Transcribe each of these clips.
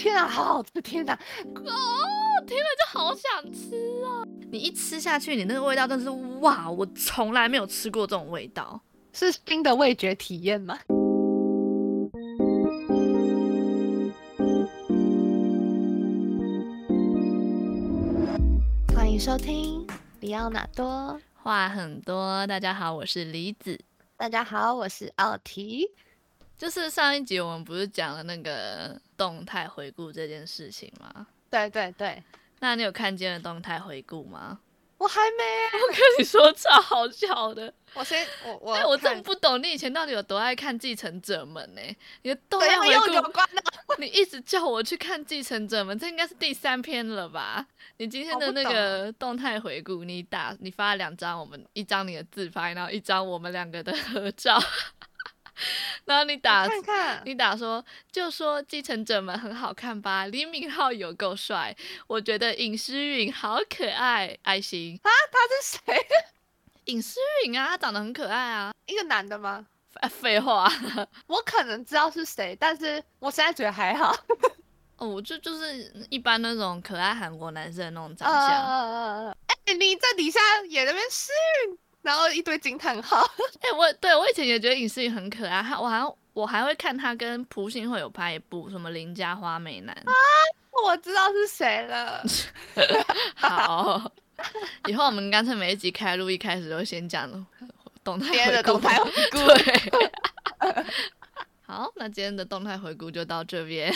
天啊，好好吃！天哪，哦，聽了就好想吃啊！你一吃下去，你那個味道真是哇，我從來沒有吃過這種味道，是新的味覺體驗嗎？歡迎收聽《李奧納多》，話很多。大家好，我是李子。大家好，我是奧提。就是上一集我們不是講了那個動態回顧這件事情嗎？對對對，那你有看見了動態回顧嗎？我還沒。我跟你說超好笑的，我先我我、欸、我真不懂你以前到底有多愛看《繼承者們》、欸呢？你的動態回顧、啊，你一直叫我去看《繼承者們》，這應該是第三篇了吧？你今天的那個動態回顧，你打你發了兩張，我們一張你的自拍，然後一張我們兩個的合照。然後你打看看，你打說，就說繼承者們很好看吧。李敏鎬有夠帥，我覺得尹詩韻好可愛，愛心啊，他是誰？尹詩韻啊，他長得很可愛啊，一個男的嗎？廢話，我可能知道是誰，但是我現在覺得還好。 哦，我就就是一般那種可愛韓國男生的那種長相。哎、呃欸，你在底下也那邊詩韻。然後一堆驚嘆號、欸！哎，我對我以前也覺得尹施允很可愛，我還我還會看他跟朴信惠有拍一部什麼《鄰家花美男》啊！我知道是誰了。 好，以後我們乾脆每一集開錄一開始就先講了。今天的動態回顧。 對。 好，那今天的動態回顧就到這邊。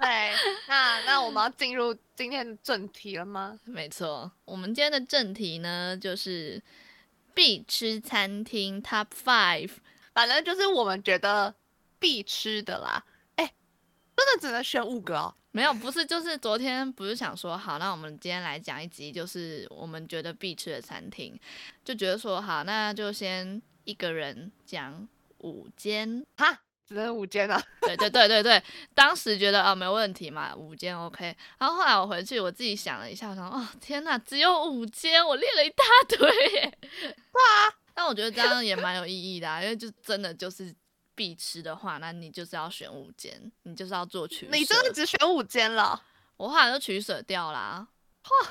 對，那那我們要進入今天的正題了嗎？沒錯，我們今天的正題呢就是。必吃餐廳 Top Five，反正就是我們覺得必吃的啦。哎、欸，真的只能選五個哦。沒有，不是，就是昨天不是想說，好，那我們今天來講一集，就是我們覺得必吃的餐廳，就覺得說，好，那就先一個人講五間。哈。只能五間啊！對 對對對對，當時覺得啊、哦，沒問題嘛，五間 OK。然後後來我回去，我自己想了一下，我想說哦，天哪，只有五間，我列了一大堆耶。對啊，但我覺得這樣也蠻有意義的啊，因為就真的就是必吃的話，那你就是要選五間，你就是要做取捨。你真的只選五間了？我後來就取捨掉啦。嚯，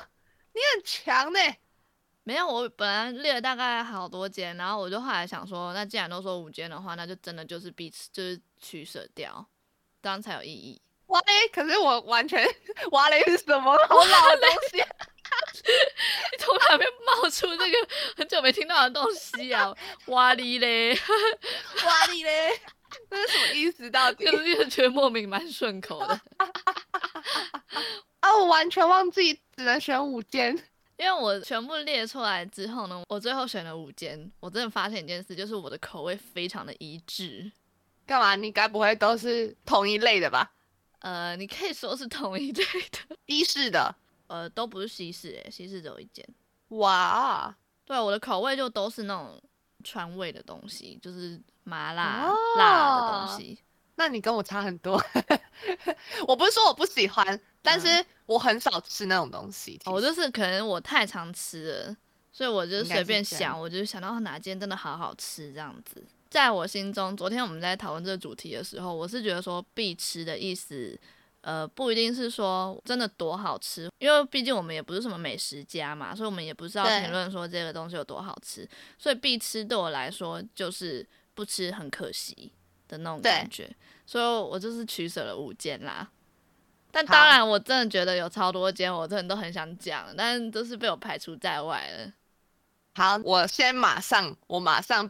你很強呢、欸。沒有，我本來列了大概好多間，然後我就後來想說，那既然都說五間的話，那就真的就是彼此就是取捨掉，這樣才有意義。哇嘞！可是我完全哇嘞是什麼好老的東西，你從 哪邊冒出這個很久沒聽到的東西啊？ 哇嘞嘞， 哇嘞嘞，那 是什麼意思？到底就是覺得莫名蠻順口的。 啊，我完全忘記只能選五間。因為我全部列出來之後呢，我最後選了五間，我真的發現一件事，就是我的口味非常的一致。幹嘛？你該不會都是同一類的吧？呃，你可以說是同一類的，一士的。呃，都不是西式誒、欸，西式只有一間。哇，對，我的口味就都是那種川味的東西，就是麻辣辣的東西。那你跟我差很多 我不是說我不喜歡，但是、嗯、我很少吃那種東西。我、哦、就是可能我太常吃了，所以我就隨便想是，我就想到哪間真的好好吃這樣子。在我心中，昨天我們在討論這個主題的時候，我是覺得說必吃的意思，呃，不一定是說真的多好吃，因為畢竟我們也不是什麼美食家嘛，所以我們也不知道評論說這個東西有多好吃。所以必吃對我來說就是不吃很可惜。的那種感覺，所以我就是取捨了五間啦。但當然，我真的覺得有超多間，我真的都很想講，但是都是被我排除在外了。好，我先馬上，我馬上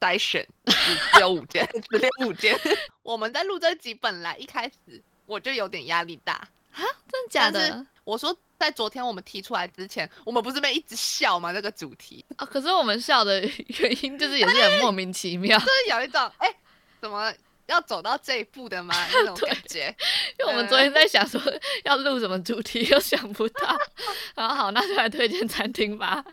篩選，就是、只有五間，只 有五間。 我們在錄這集，本來一開始我就有點壓力大啊，真的假的？我說在昨天我們提出來之前，我們不是被一直笑嗎？這個主題啊，可是我們笑的原因就是也是很莫名其妙，欸、 就是有一種哎。欸怎麼要走到這一步的嗎？ 那種感覺，因為我們昨天在想說要錄什麼主題，又想不到。 好好，那就來推薦餐廳吧。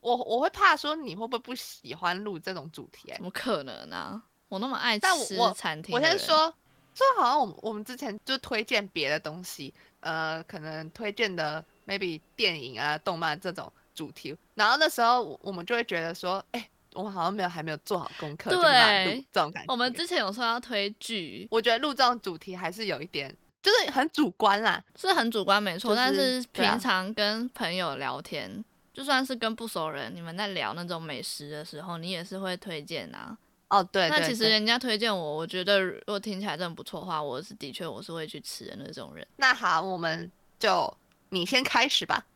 我我會怕說你會不會不喜歡錄這種主題？怎麼可能呢？啊？我那麼愛吃餐廳。但我先說，就好像我我們之前就推薦別的東西，呃，可能推薦的 maybe 電影啊、動漫這種主題，然後那時候我們就會覺得說，哎、欸。我們好像沒有，還沒有做好功課。對，這種感覺。我們之前有說要推劇，我覺得錄這種主題還是有一點，就是很主觀啦，是很主觀沒，沒、就、錯、是。但是平常跟朋友聊天、啊，就算是跟不熟人，你們在聊那種美食的時候，你也是會推薦啊。哦、oh,，對。那其實人家推薦我，我覺得如果聽起來真的不錯的話，我是的確我是會去吃的那種人。那好，我們就你先開始吧。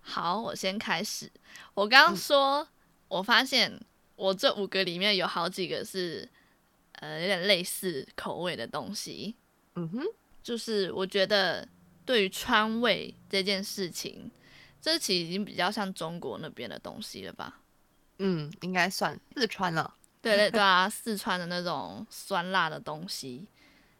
好，我先開始。我剛剛說。嗯我發現我這五個裡面有好幾個是，呃，有點類似口味的東西。嗯哼，就是我覺得對於川味這件事情，這其實已經比較像中國那邊的東西了吧？嗯，應該算四川了。對對對啊， 四川的那種酸辣的東西。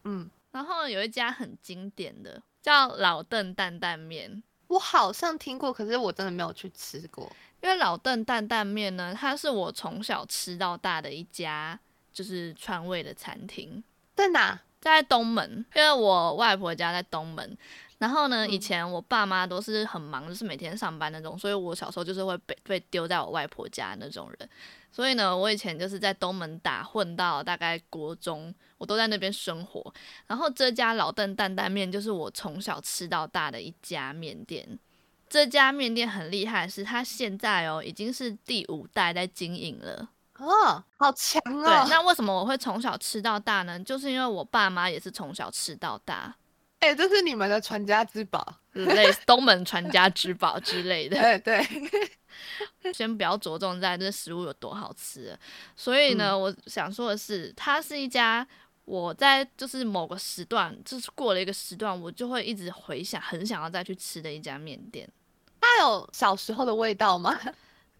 嗯，然後有一家很經典的叫老鄧擔擔麵，我好像聽過，可是我真的沒有去吃過。嗯因為老鄧擔擔麵呢，它是我從小吃到大的一家，就是川味的餐廳。在哪？在東門。因為我外婆家在東門，然後呢，嗯。以前我爸媽都是很忙，就是每天上班那種，所以我小時候就是會被被丟在我外婆家那種人。所以呢，我以前就是在東門打混到大概國中，我都在那邊生活。然後這家老鄧擔擔麵，就是我從小吃到大的一家麵店。這家麵店很厲害，是它現在哦已經是第五代在經營了哦，好強哦！對，那為什麼我會從小吃到大呢？就是因為我爸媽也是從小吃到大，哎、欸，這是你們的傳家之寶，類似東門傳家之寶之類的。對、欸、對，先不要着重在這食物有多好吃，所以呢、嗯，我想說的是，它是一家我在就是某個時段，就是過了一個時段，我就會一直回想，很想要再去吃的一家麵店。它有小時候的味道嗎？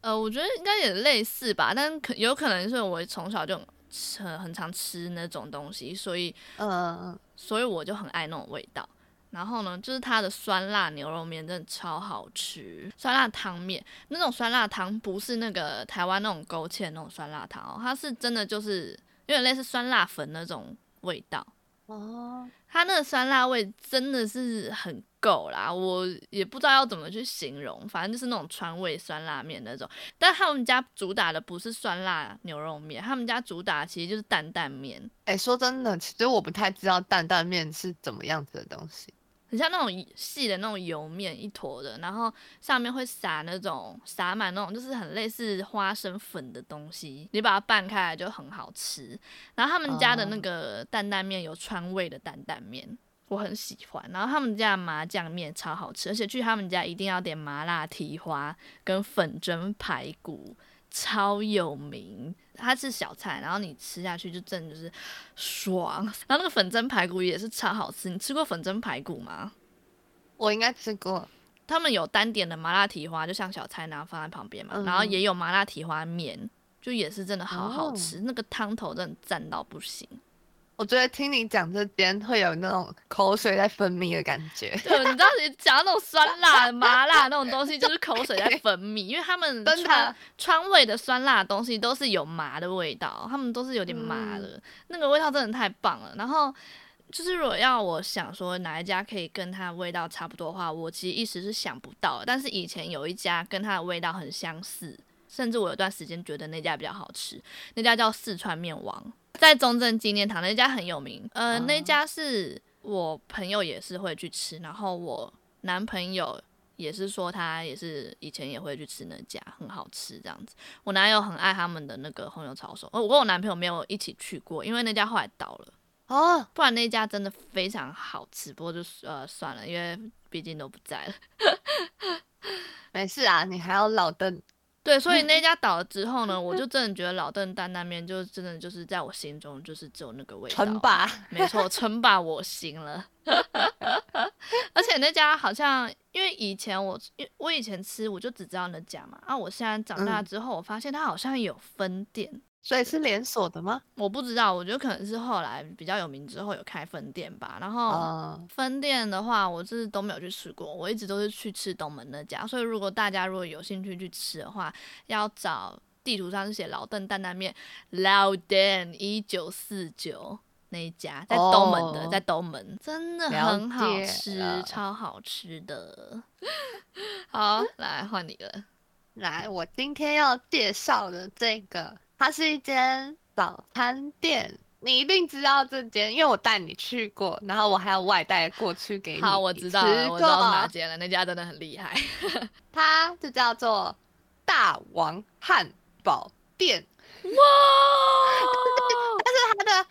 呃，我覺得應該也類似吧，但可有可能是我從小就吃很，很，很常吃那種東西，所以呃，所以我就很愛那種味道。然後呢，就是它的酸辣牛肉麵真的超好吃，酸辣湯麵，那種酸辣湯不是那個台灣那種勾芡那種酸辣湯哦，它是真的就是有點類似酸辣粉那種味道。哦，他那個酸辣味真的是很夠啦，我也不知道要怎麼去形容，反正就是那種川味酸辣麵那種。但他們家主打的不是酸辣牛肉麵，他們家主打其實就是擔擔麵。誒、欸，說真的，其實我不太知道擔擔麵是怎麼樣子的東西。你像那種細的那種油麵一坨的，然後上面會撒那種撒滿那種就是很類似花生粉的東西，你把它拌開來就很好吃。然後他們家的那個擔擔麵有川味的擔擔麵，我很喜歡。然後他們家的麻醬麵超好吃，而且去他們家一定要點麻辣蹄花跟粉蒸排骨。超有名，它是小菜，然後你吃下去就真的就是爽。然後那個粉蒸排骨也是超好吃，你吃過粉蒸排骨嗎？我應該吃過。他們有單點的麻辣蹄花，就像小菜那樣放在旁邊嘛，嗯。然後也有麻辣蹄花麵，就也是真的好好吃，哦，那個湯頭真的讚到不行。我覺得聽你講這邊會有那種口水在分泌的感覺，對，你知道你講那種酸辣麻辣那種東西， 就是口水在分泌，因為他們川川味的酸辣的東西都是有麻的味道，他們都是有點麻的，嗯，那個味道真的太棒了。然後就是如果要我想說哪一家可以跟它的味道差不多的話，我其實一時是想不到，但是以前有一家跟它的味道很相似，甚至我有段時間覺得那家比較好吃，那家叫四川麵王。在中正紀念堂那家很有名，呃，那家是我朋友也是會去吃，然後我男朋友也是說他也是以前也會去吃那家，很好吃這樣子。我男友很愛他們的那個紅油抄手，我跟我男朋友沒有一起去過，因為那家後來倒了。哦，不然那家真的非常好吃，不過就是呃算了，因為畢竟都不在了。 沒事啊，你還有老登。對，所以那家倒了之後呢，嗯、我就真的覺得老鄧擔擔麵就真的就是在我心中就是只有那個味道，啊，稱霸，沒錯，稱霸我心了。 而且那家好像，因為以前我因為我以前吃，我就只知道那家嘛，啊，我現在長大了之後，嗯，我發現它好像有分店。所以是連鎖的嗎？我不知道，我覺得可能是後來比較有名之後有開分店吧。然後分店的話，我就是都沒有去吃過，我一直都是去吃東門那家。所以如果大家如果有興趣去吃的話，要找地圖上是寫老鄧擔擔麵，老、oh, 鄧一九四九那家，在東門的，在東門真的很好吃，超好吃的。 好，來換你了。來，我今天要介紹的這個。它是一間早餐店，你一定知道這間，因為我帶你去過，然後我還要外帶過去給你。好，我知道，我知道哪間了，那家真的很厲害， 它就叫做大王漢堡店，哇、Wow!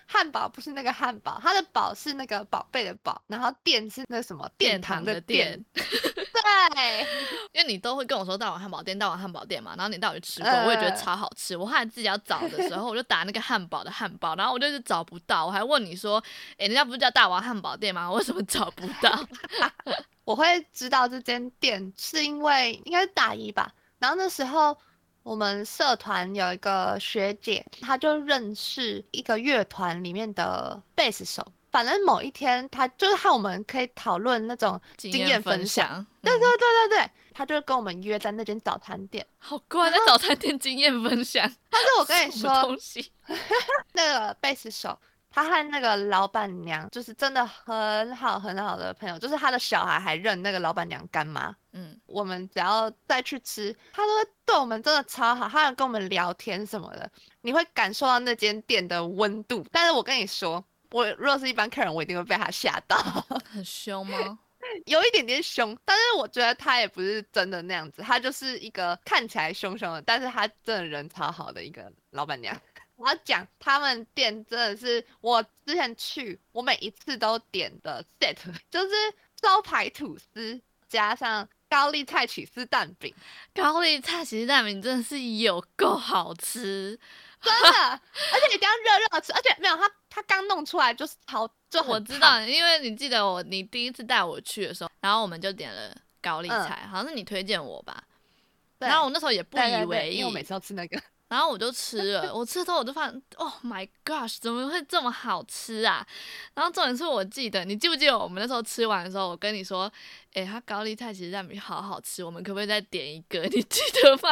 漢堡不是那個漢堡，它的寶是那個寶貝的寶，然後店是那什麼殿堂的店， 對。因為你都會跟我說大王漢堡店，大王漢堡店嘛，然後你帶我去吃過，我也覺得超好吃。呃、我還自己要找的時候， 我就打那個漢堡的漢堡，然後我就是找不到，我還問你說，哎、欸，人家不是叫大王漢堡店嗎？我為什麼找不到？ 我會知道這間店是因為應該是大一吧，然後那時候。我們社團有一個學姐，她就認識一個樂團裡面的貝斯手。反正某一天，她就是和我們可以討論那種經驗分,分享。對對對對對，她、嗯、就跟我們約在那間早餐店，好怪，那早餐店經驗分享。她說，我跟你說， 那個貝斯手。他和那個老闆娘就是真的很好很好的朋友，就是他的小孩還認那個老闆娘乾媽。嗯，我們只要再去吃，他都會對我們真的超好，他還跟我們聊天什麼的，你會感受到那間店的溫度。但是我跟你說，我如果是一般客人，我一定會被他嚇到。很兇嗎？ 有一點點兇，但是我覺得他也不是真的那樣子，他就是一個看起來兇兇的，但是他真的人超好的一個老闆娘。我要講他們店真的是我之前去，我每一次都點的 set，就是招牌吐司加上高麗菜起司蛋餅。高麗菜起司蛋餅真的是有夠好吃，真的， 而且你等下熱熱的吃，而且沒有他他剛弄出來就是好，就我知道，因為你記得我，你第一次帶我去的時候，然後我們就點了高麗菜、嗯，好像是你推薦我吧？對。然後我那時候也不以為，對對對，因為我每次要吃那個。然後我就吃了，我吃的時候我就發現 Oh my gosh，怎麼會這麼好吃啊？然後重點是我記得，你記不記得我們那時候吃完的時候，我跟你說，誒，它高麗菜其實拌米好好吃，我們可不可以再點一個？你記得嗎？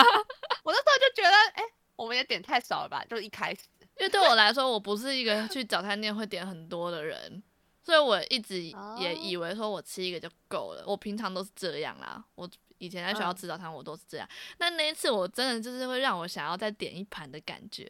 我那時候就覺得，誒，我們也點太少了吧？就一開始，因為對我來說，我不是一個去早餐店會點很多的人，所以我一直也以為說我吃一個就夠了。我平常都是這樣啦，我。以前在學校吃早餐，我都是這樣。那、嗯、但那一次，我真的就是會讓我想要再點一盤的感覺，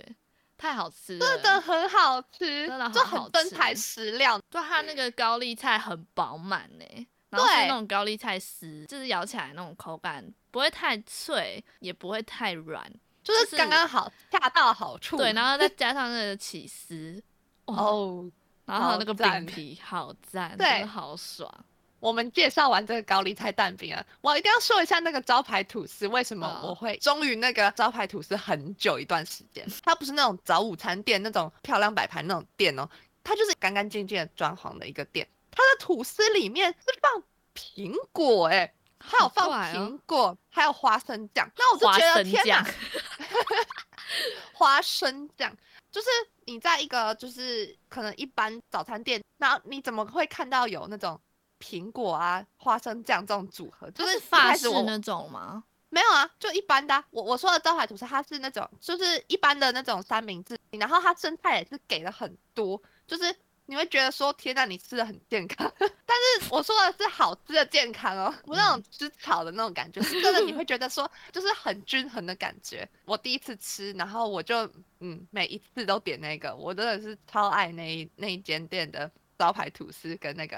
太好吃了，真的好吃，真的很好吃，就很真材實料。就它那個高麗菜很飽滿誒，然後是那種高麗菜絲，就是咬起來那種口感不會太脆，也不會太軟，就是剛剛好，恰到好處。對，然後再加上那個起司， 哦，哦，然後那個餅皮好讚，真的好爽。我們介紹完這個高麗菜蛋餅啊，我一定要說一下那個招牌吐司，為什麼我會忠於那個招牌吐司很久一段時間？哦、它不是那種早午餐店那種漂亮擺盤那種店哦，它就是乾乾淨淨的裝潢的一個店。它的吐司裡面是放蘋果哎、欸，還有放蘋果、哦，還有花生醬。那我就覺得花生醬、天哪 花生醬，就是你在一個就是可能一般早餐店，那你怎麼會看到有那種？蘋果啊，花生醬這種組合，就是法式那種嗎、就是？沒有啊，就一般的、啊。我我說的招牌吐司，它是那種就是一般的那種三明治，然後它生菜也是給了很多，就是你會覺得說天啊，你吃的很健康。 但是我說的是好吃的健康哦，不是那種吃草的那種感覺，就、嗯、是真的你會覺得說就是很均衡的感覺。 我第一次吃，然後我就嗯，每一次都點那個，我真的是超愛那一那一間店的招牌吐司跟那個。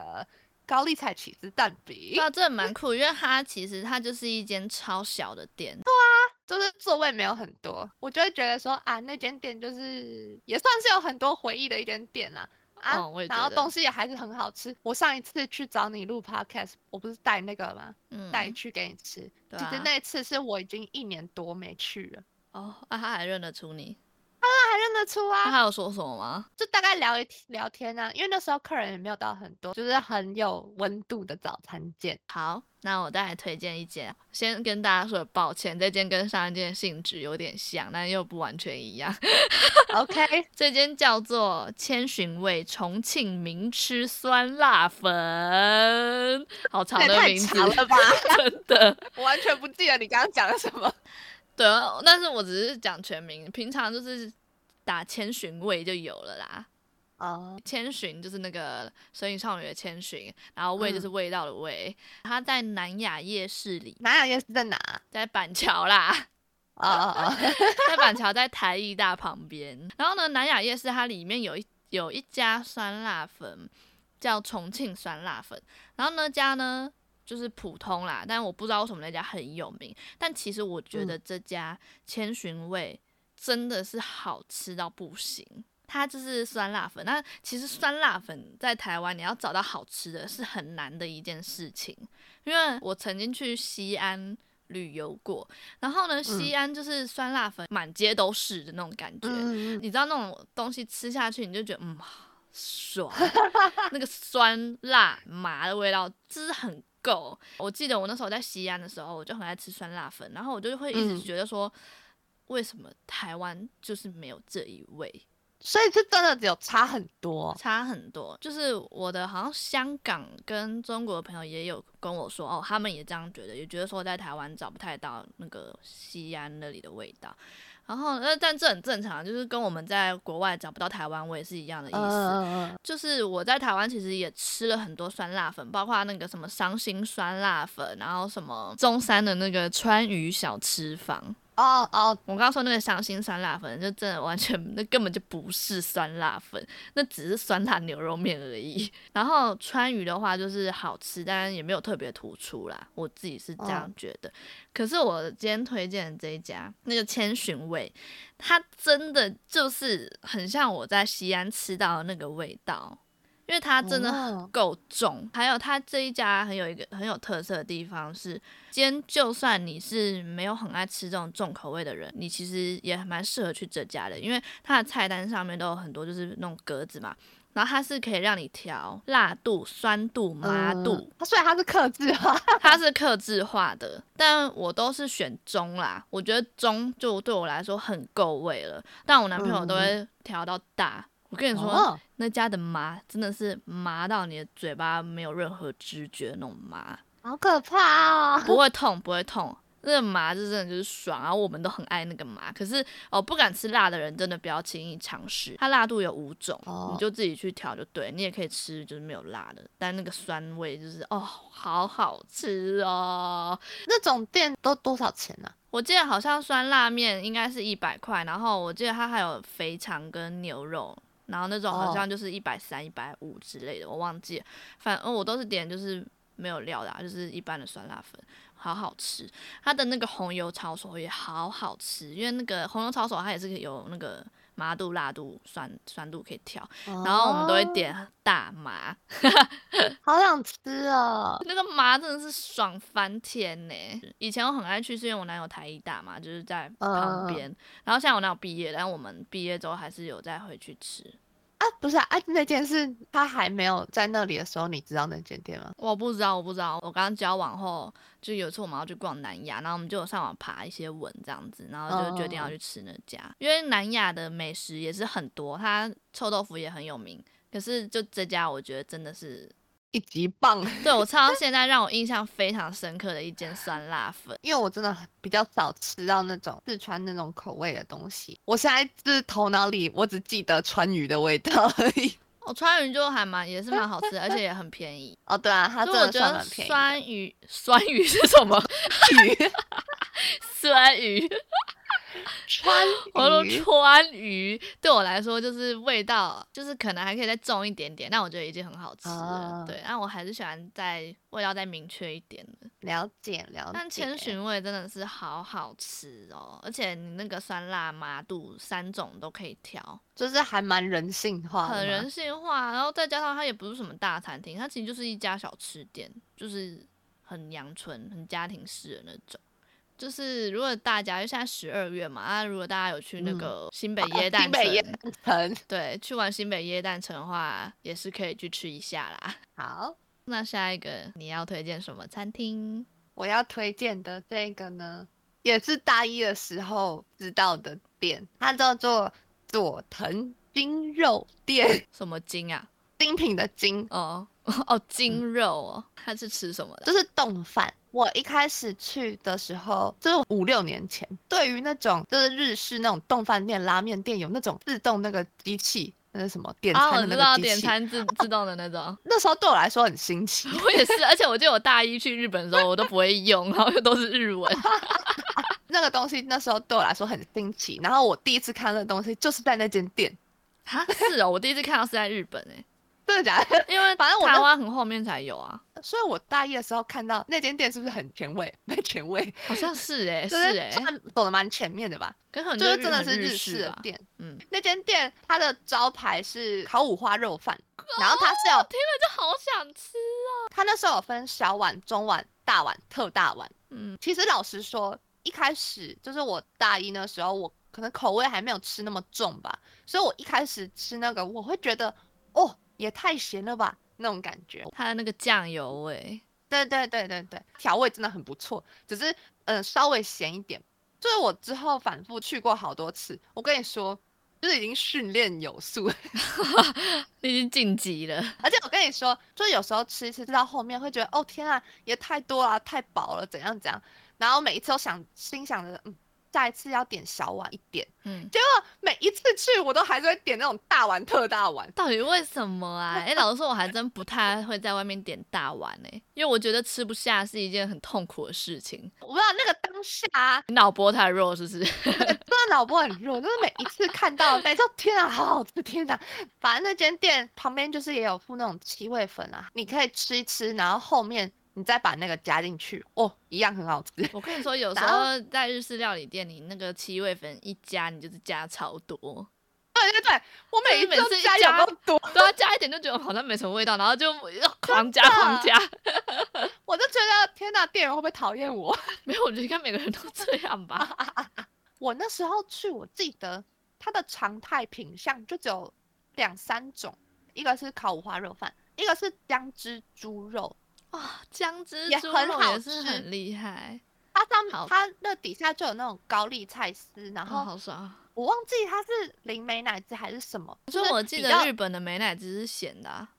高麗菜起司蛋餅，啊，這的、個、蠻酷，因為它其實它就是一間超小的店、嗯，對啊，就是座位沒有很多，我就會覺得說啊，那間店就是也算是有很多回憶的一間店啊，啊、哦，然後東西也還是很好吃。我上一次去找你錄 podcast，我不是帶那個了嗎？嗯，帶你去給你吃、啊。其實那一次是我已經一年多沒去了，哦，那、啊、他還認得出你。得出啊？他還有說什麼嗎？就大概聊一聊天啊，因為那時候客人也沒有到很多，就是很有溫度的早餐店。好，那我再來推薦一間，先跟大家說抱歉，這間跟上一間性質有點像，但又不完全一樣。 OK，這間叫做千尋味重慶名吃酸辣粉，好長的名字，欸、太長了吧， 真的， 我完全不記得你剛剛講了什麼。對啊，但是我只是講全名，平常就是。打千尋味就有了啦，哦、oh.，千尋就是那個《神隱少女》的千尋，然後味就是味道的味。它、嗯、在南雅夜市裡，南雅夜市在哪？在板橋啦，哦哦哦，在板橋在台藝大旁邊。 然後呢，南雅夜市它裡面有一有一家酸辣粉叫重慶酸辣粉，然後那家呢就是普通啦，但我不知道為什麼那家很有名，但其實我覺得這家千尋味。真的是好吃到不行，它就是酸辣粉。那其實酸辣粉在台灣你要找到好吃的是很難的一件事情，因為我曾經去西安旅遊過，然後呢，西安就是酸辣粉滿街都是的那種感覺、嗯。你知道那種東西吃下去，你就覺得嗯，爽， 那個酸辣麻的味道汁很夠。我記得我那時候在西安的時候，我就很愛吃酸辣粉，然後我就會一直覺得說。嗯為什麼台灣就是沒有這一味？所以這真的只有差很多，差很多。就是我的好像香港跟中國的朋友也有跟我說，哦，他們也這樣覺得，也覺得說我在台灣找不太到那個西安那裡的味道。然後、那但這很正常，就是跟我們在國外找不到台灣味是一樣的意思。嗯嗯嗯，就是我在台灣其實也吃了很多酸辣粉，包括那個什麼傷心酸辣粉，然後什麼中山的那個川渝小吃坊。哦哦，我剛剛說那個傷心酸辣粉，就真的完全，那根本就不是酸辣粉，那只是酸辣牛肉麵而已。 然後川渝的話，就是好吃，當然也沒有特別突出啦，我自己是這樣覺得。Oh. 可是我今天推薦的這一家，那個千尋味，它真的就是很像我在西安吃到的那個味道。因為它真的很夠重，還有它這一家很有一個很有特色的地方是，今天就算你是沒有很愛吃這種重口味的人，你其實也蠻適合去這家的，因為它的菜單上面都有很多就是那種格子嘛，然後它是可以讓你調辣度、酸度、麻度，它雖然它是客製化，它是客製化的，但我都是選中啦，我覺得中就對我來說很夠味了，但我男朋友都會調到大。我跟你說，oh. 那家的麻真的是麻到你的嘴巴沒有任何知覺那種麻，好可怕哦！不會痛，不會痛，那個麻就真的就是爽啊！我們都很愛那個麻，可是哦，不敢吃辣的人真的不要輕易嘗試，它辣度有五種，oh. 你就自己去調就對。你也可以吃就是沒有辣的，但那個酸味就是哦，好好吃哦！那種店都多少錢呢、啊？我記得好像酸辣麵應該是一百塊，然後我記得它還有肥腸跟牛肉。然後那種好像就是一百三、一百五之類的，我忘記了。反正、哦、我都是點就是沒有料的、啊，就是一般的酸辣粉，好好吃。它的那個紅油抄手也好好吃，因為那個紅油抄手它也是有那個麻度、辣度、酸酸度可以調。Oh. 然後我們都會點大麻，oh. 好想吃哦！那個麻真的是爽翻天呢。以前我很愛去，是因為我男友台藝大嘛，就是在旁邊。Oh. Oh. 然後現在我男友畢業，但我們畢業之後還是有再回去吃。啊、不是啊，啊，那件事他還沒有在那裡的時候，你知道那間店嗎？我不知道，我不知道。我剛剛交往後，就有一次我們要去逛南雅，然後我們就有上網爬一些文這樣子，然後就決定要去吃那家，oh. 因為南雅的美食也是很多，它臭豆腐也很有名。可是就這家，我覺得真的是。一級棒！ 對，我吃到現在讓我印象非常深刻的一間酸辣粉， 因為我真的比較少吃到那種四川那種口味的東西。我現在就是頭腦裡我只記得川渝的味道而已。我、哦、川渝就還蠻也是蠻好吃的，而且也很便宜。 哦，對啊，他真的就很便宜。酸魚酸魚是什麼 魚？ 酸魚。 川魚， 我說川渝對我來說就是味道，就是可能還可以再重一點點，但我覺得已經很好吃了。哦、對，但我還是喜歡再味道再明確一點的。了解了解，但千尋味真的是好好吃哦，而且你那個酸辣麻度三種都可以調，就是還蠻人性化，很人性化。然後再加上它也不是什麼大餐廳，它其實就是一家小吃店，就是很陽春、很家庭式的那種。就是如果大家就現在十二月嘛、啊，如果大家有去那個新北耶誕城，對，去完新北耶誕城的話，也是可以去吃一下啦。好，那下一個你要推薦什麼餐廳？我要推薦的這個呢，也是大一的時候知道的店，它叫做佐藤精肉店。什麼精啊？精品的精哦。哦，筋肉哦，它、嗯、是吃什麼的？就是丼飯。我一開始去的時候，就是五六年前，對於那種就是日式那種丼飯店、拉麵店，有那種自動那個機器，那是什麼點餐的那個機器、啊、我知道，點餐自自動的那種。那時候對我來說很新奇。我也是，而且我記得我大一去日本的時候，我都不會用， 然後又都是日文、 啊。那個東西那時候對我來說很新奇。然後我第一次看到的東西就是在那間店。哈、啊、是哦，我第一次看到是在日本誒。真的假的？因為、啊、反正我台灣很後面才有啊，所以我大一的時候看到那間店是不是很前衛？沒前衛，好像是誒、欸。是哎，欸，走得蠻前面的吧，可是可吧？就是真的是日式的店，嗯，那間店它的招牌是烤五花肉飯、嗯，然後它是有聽了就好想吃啊。它那時候有分小碗、中碗、大碗、特大碗，嗯。其實老實說，一開始就是我大一那時候，我可能口味還沒有吃那麼重吧，所以我一開始吃那個我會覺得哦。也太鹹了吧，那種感覺，它的那個醬油味，對對對對對，調味真的很不錯，只是嗯、呃、稍微鹹一點。就是我之後反覆去過好多次，我跟你說，就是已經訓練有素， 已經晉級了。而且我跟你說，就是有時候吃一次，吃到後面會覺得哦天啊，也太多了、啊，太飽了，怎樣怎樣。然後每一次都想心想着嗯。下一次要點小碗一點，嗯，結果每一次去我都還是會點那種大碗特大碗，到底為什麼啊？誒、欸，老實說我還真不太會在外面點大碗哎、欸， 因為我覺得吃不下是一件很痛苦的事情。我不知道那個當下你腦波太弱是不是？真 的腦波很弱，就是每一次看到，每次天啊好好吃，天啊！反正那間店旁邊就是也有附那種七味粉啊，你可以吃一吃，然後後面你再把那個加進去哦，一樣很好吃。我跟你說，有時候在日式料理店裡，那個七味粉一加，你就是加超多。 對對對，我每次加我每次都加都多，對，加一點就覺得好像沒什麼味道，然後就狂加狂加。 我就覺得天哪，店員會不會討厭我？沒有，我覺得應該每個人都這樣吧。 我那時候去，我記得它的常態品項就只有兩三種，一個是烤五花肉飯，一個是薑汁豬肉。哇、哦，薑汁豬肉也是很厲害。它上它那底下就有那種高麗菜絲，然後、哦、好爽。我忘記它是零美乃滋還是什麼？不、就是，我記得日本的美乃滋是鹹的、啊。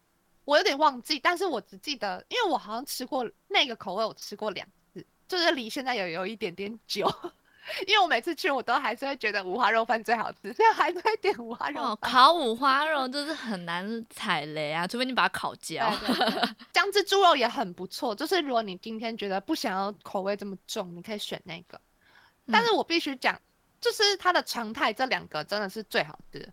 我有點忘記，但是我只記得，因為我好像吃過那個口味，我吃過兩次。就是離現在有有一點點久。因為我每次去，我都還是會覺得五花肉飯最好吃，就還是會點五花肉、哦。烤五花肉就是很難踩雷啊， 除非你把它烤焦。薑 汁豬肉也很不錯，就是如果你今天覺得不想要口味這麼重，你可以選那個。但是我必須講、嗯，就是它的常態，這兩個真的是最好吃的。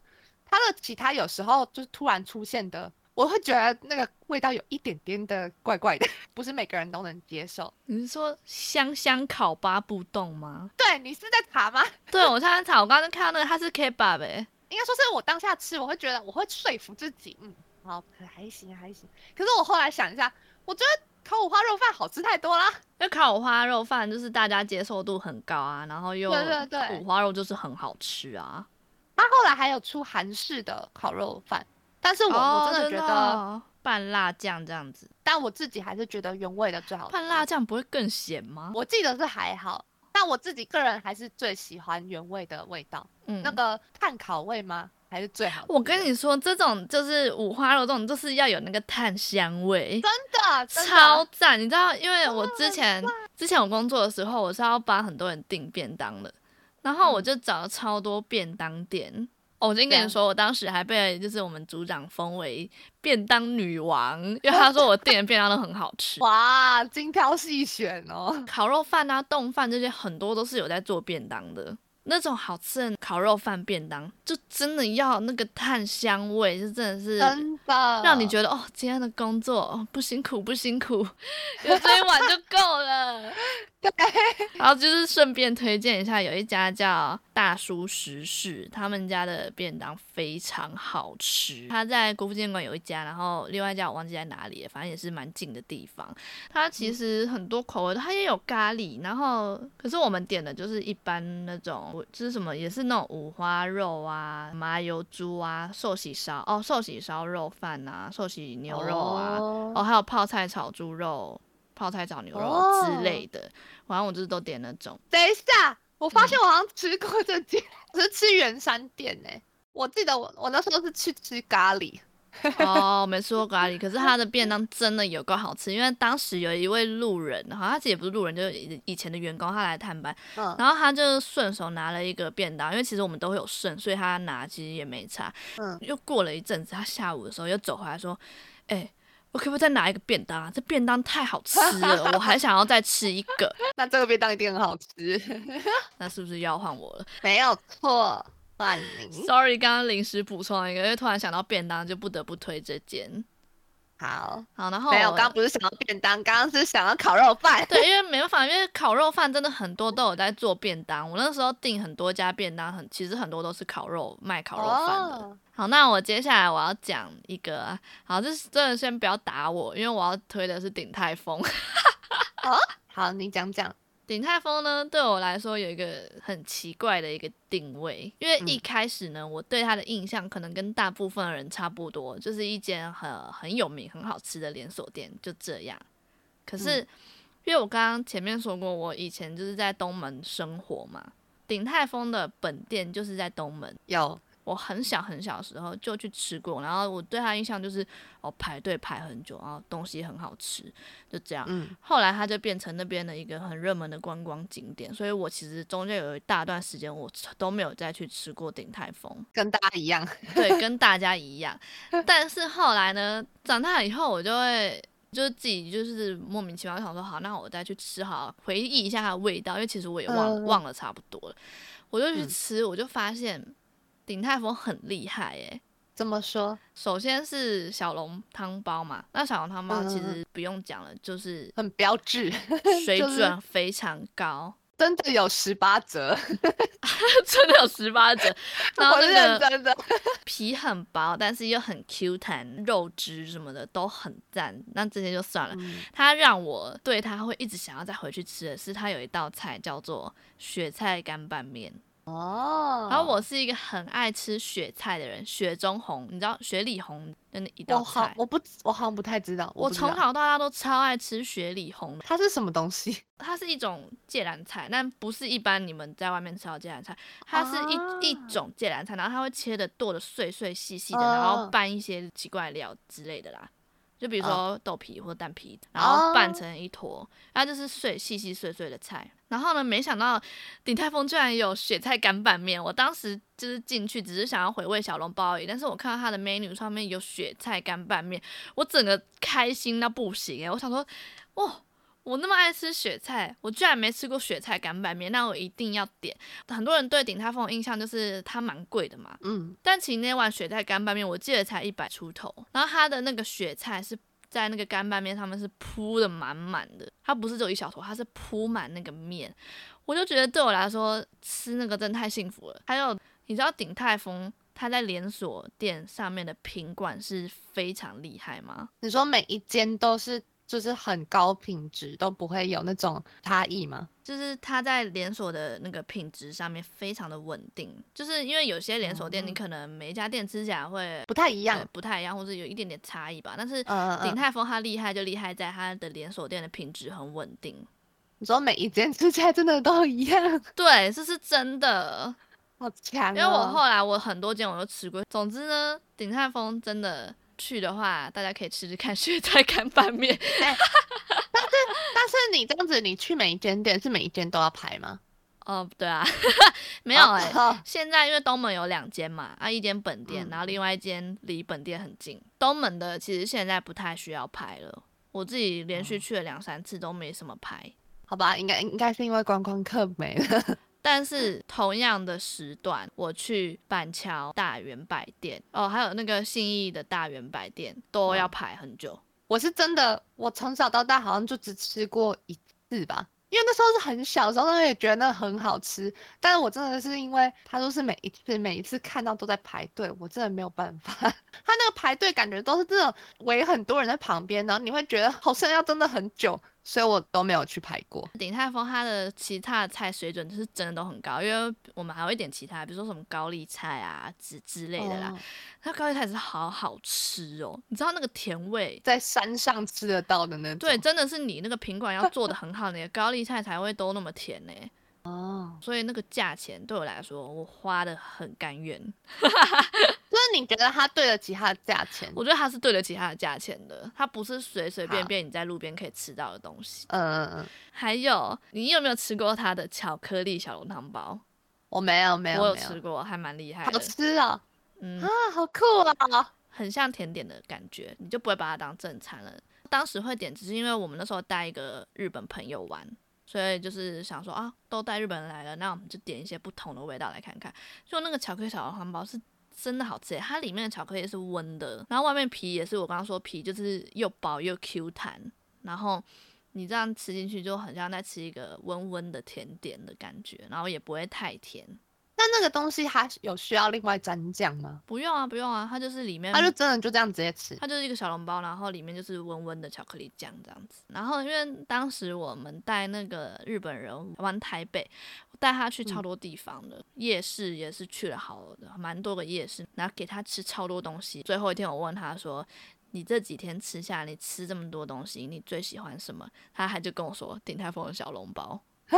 它的其他有時候就突然出現的。我會覺得那個味道有一點點的怪怪的，不是每個人都能接受。你是說香香烤巴布凍嗎？對，你是在查嗎？對，我在、在查，我剛剛看到那個，它是 kebab 欸應該說是我當下吃，我會覺得我會說服自己，嗯，好，可還行還行。可是我後來想一下，我覺得烤五花肉飯好吃太多了，因為烤五花肉飯就是大家接受度很高啊，然後又烤、啊、對對對，五花肉就是很好吃啊。他後來還有出韓式的烤肉飯。但是我、哦、我真的覺得的、哦、拌辣醬這樣子，但我自己還是覺得原味的最好吃。拌辣醬不會更鹹嗎？我記得是還好，但我自己個人還是最喜歡原味的味道。嗯，那個炭烤味嗎？還是最好的？我跟你說，這種就是五花肉，這種就是要有那個炭香味，真的，真的超讚。你知道，因為我之前之前我工作的時候，我是要幫很多人訂便當的，然後我就找了超多便當店。嗯我今天跟你說，我當時還被就是我們組長封為便當女王，因為他說我訂的便當都很好吃。哇，精挑細選哦，烤肉飯啊、丼飯這些很多都是有在做便當的。那種好吃的烤肉飯便當，就真的要那個炭香味，就真的是，真讓你覺得哦，今天的工作不辛苦不辛苦，有這一碗就夠了。 對，然後就是順便推薦一下，有一家叫。大叔食肆，他們家的便當非常好吃。他在國父紀念館有一家，然後另外一家我忘記在哪裡了，反正也是蠻近的地方。它其實很多口味，它也有咖喱。然後，可是我們點的就是一般那種，就是什麼也是那種五花肉啊、麻油豬啊、壽喜燒哦、壽喜燒肉飯啊、壽喜牛肉啊哦，哦，還有泡菜炒豬肉、泡菜炒牛肉之類的。哦、反正我就是都點那種。等一下。我發現我好像吃過這間，嗯、是吃圓山店，哎、欸。我記得我我那時候是去吃咖喱，哦，沒吃過咖喱， 可是他的便當真的有夠好吃。因為當時有一位路人，然後，他其實也不是路人，就是以以前的員工，他來探班，嗯、然後他就順手拿了一個便當，因為其實我們都會有順，所以他拿其實也沒差，嗯。又過了一陣子，他下午的時候又走回來說，哎、欸。我可不可以再拿一個便當啊？這便當太好吃了， 我還想要再吃一個。 那這個便當一定很好吃。 那是不是要換我了？沒有錯，換你。Sorry，剛剛臨時補充了一個，因為突然想到便當，就不得不推這間。好，好，然後沒有，剛剛不是想要便當，剛剛是想要烤肉飯。 對，因為沒辦法，因為烤肉飯真的很多都有在做便當。我那時候訂很多家便當，很其實很多都是烤肉賣烤肉飯的。哦。好，那我接下來我要講一個、啊、好，就是真的先不要打我，因為我要推的是鼎泰豐、 哦。好，你講講鼎泰豐呢對我來說有一個很奇怪的一個定位，因為一開始呢，嗯、我對它的印象可能跟大部分人差不多，就是一間很很有名、很好吃的連鎖店，就這樣。可是、嗯、因為我剛剛前面說過，我以前就是在東門生活嘛，鼎泰豐的本店就是在東門有。我很小很小的時候就去吃過，然後我對他印象就是哦排隊排很久，然後東西很好吃，就這樣。嗯、後來它就變成那邊的一個很熱門的觀光景點，所以我其實中間有一大段時間我都沒有再去吃過鼎泰豐，跟大家一樣，對，跟大家一樣。 但是後來呢，長大以後我就會就是自己就是莫名其妙想說好，那我再去吃好，回憶一下它的味道，因為其實我也忘了、呃、忘了差不多了，我就去吃，嗯、我就發現。鼎泰豐很厲害耶，怎麼說？首先是小籠湯包嘛，那小籠湯包其實不用講了、嗯，就是很標緻，水準非常高，真的有十八摺，真的有十八摺， 摺。然後呢，皮很薄，但是又很 Q 彈，肉汁什麼的都很讚。那這些就算了，他、嗯、讓我對他會一直想要再回去吃的是，他有一道菜叫做雪菜乾拌麵。哦，然後我是一個很愛吃雪菜的人，雪中紅，你知道雪裡紅的那一道菜，我，好我不，我好像不太知道。我，道我從小到大都超愛吃雪裡紅。它是什麼東西？它是一種芥蘭菜，但不是一般你們在外面吃到的芥蘭菜，它是一、啊、一種芥蘭菜，然後它會切的剁的碎碎細細，細的，啊，然後拌一些奇怪料之類的啦。就比如說豆皮或蛋皮，oh. 然後拌成一坨，它、oh. 啊、就是碎細細碎碎的菜。然後呢，沒想到鼎泰豐居然有雪菜乾拌麵，我當時就是進去只是想要回味小籠包而已，但是我看到它的 menu 上面有雪菜乾拌麵，我整個開心到不行、欸、我想說哇。我那麼愛吃雪菜，我居然沒吃過雪菜乾拌麵，那我一定要點。很多人對鼎泰豐的印象就是它蠻貴的嘛，嗯，但其實那碗雪菜乾拌麵我記得才一百出頭。然後它的那個雪菜是在那個乾拌麵上面是鋪的滿滿的，它不是只有一小坨，它是鋪滿那個麵。我就覺得對我來說吃那個真太幸福了。還有你知道鼎泰豐它在連鎖店上面的品管是非常厲害嗎？你說每一間都是。就是很高品質，都不會有那種差異嗎？就是它在連鎖的那個品質上面非常的穩定，就是因為有些連鎖店，你可能每一家店吃起來會、嗯、不太一樣、嗯，不太一樣，或者有一點點差異吧。但是鼎泰豐它厲害就厲害在它的連鎖店的品質很穩定，你說每一間吃起來真的都一樣？對，這是真的，好強、哦。因為我後來我很多間我都吃過，總之呢，鼎泰豐真的。去的話，大家可以吃吃看雪菜乾拌麵。欸、 但是但是你這樣子，你去每一間店是每一間都要排嗎？哦，對啊， 沒有哎、欸、哦哦。現在因為東門有兩間嘛，啊，一間本店、嗯，然後另外一間離本店很近。東門的其實現在不太需要排了，我自己連續去了兩、哦、三次都沒什麼排。好吧，應該應該是因為觀光客沒了。 但是同樣的時段，我去板橋大遠百店，哦，還有那個信義的大遠百店，都要排很久。嗯、我是真的，我從小到大好像就只吃過一次吧，因為那時候是很小的時候，他也覺得那很好吃。但是我真的是因為他都是每一次每一次看到都在排隊，我真的沒有辦法。 他那個排隊感覺都是這種圍很多人在旁邊，然後你會覺得好像要真的很久。所以我都沒有去排過鼎泰豐，它的其他的菜水準就是真的都很高，因為我們還會點其他，比如說什麼高麗菜啊之之類的啦。它、哦、高麗菜是好好吃哦，你知道那個甜味在山上吃得到的那種。對，真的是你那個品管要做得很好，你 的高麗菜才會都那麼甜呢、欸。哦、oh.，所以那個價錢對我來說，我花得很甘願。就 是 你覺得它對得起它的價錢？我覺得它是對得起它的價錢的，它不是隨隨便便你在路邊可以吃到的東西。嗯嗯嗯。還有，你有沒有吃過它的巧克力小籠湯包？我沒有，沒有，我有吃過，還蠻厲害，的，好吃啊、哦！嗯啊，好酷啊，很像甜點的感覺，你就不會把它當正餐了。當時會點，只是因為我們那時候帶一個日本朋友玩。所以就是想說啊，都帶日本人來了，那我們就點一些不同的味道來看看。就那個巧克力小籠包是真的好吃欸，它裡面的巧克力是溫的，然後外面皮也是我剛剛說，皮就是又薄又 Q 彈，然後你這樣吃進去就很像在吃一個溫溫的甜點的感覺，然後也不會太甜。那那個東西它有需要另外沾醬嗎？不用啊，不用啊，它就是裡面，它就真的就這樣直接吃，它就是一個小籠包，然後裡面就是溫溫的巧克力醬這樣子。然後因為當時我們帶那個日本人玩台,台北，帶他去超多地方的、嗯、夜市也是去了好了的，蠻多個夜市，然後給他吃超多東西。最後一天我問他說：“你這幾天吃下來，你吃這麼多東西，你最喜歡什麼？”他還就跟我說：“鼎泰豐的小籠包。 ”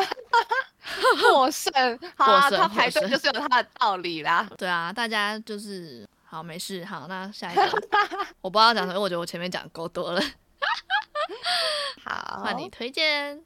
我生好啊，他排隊就是有他的道理啦。對啊，大家就是好，沒事，好，那下一個， 我不知道講什麼，因為我覺得我前面講的夠多了。 好，換你推薦。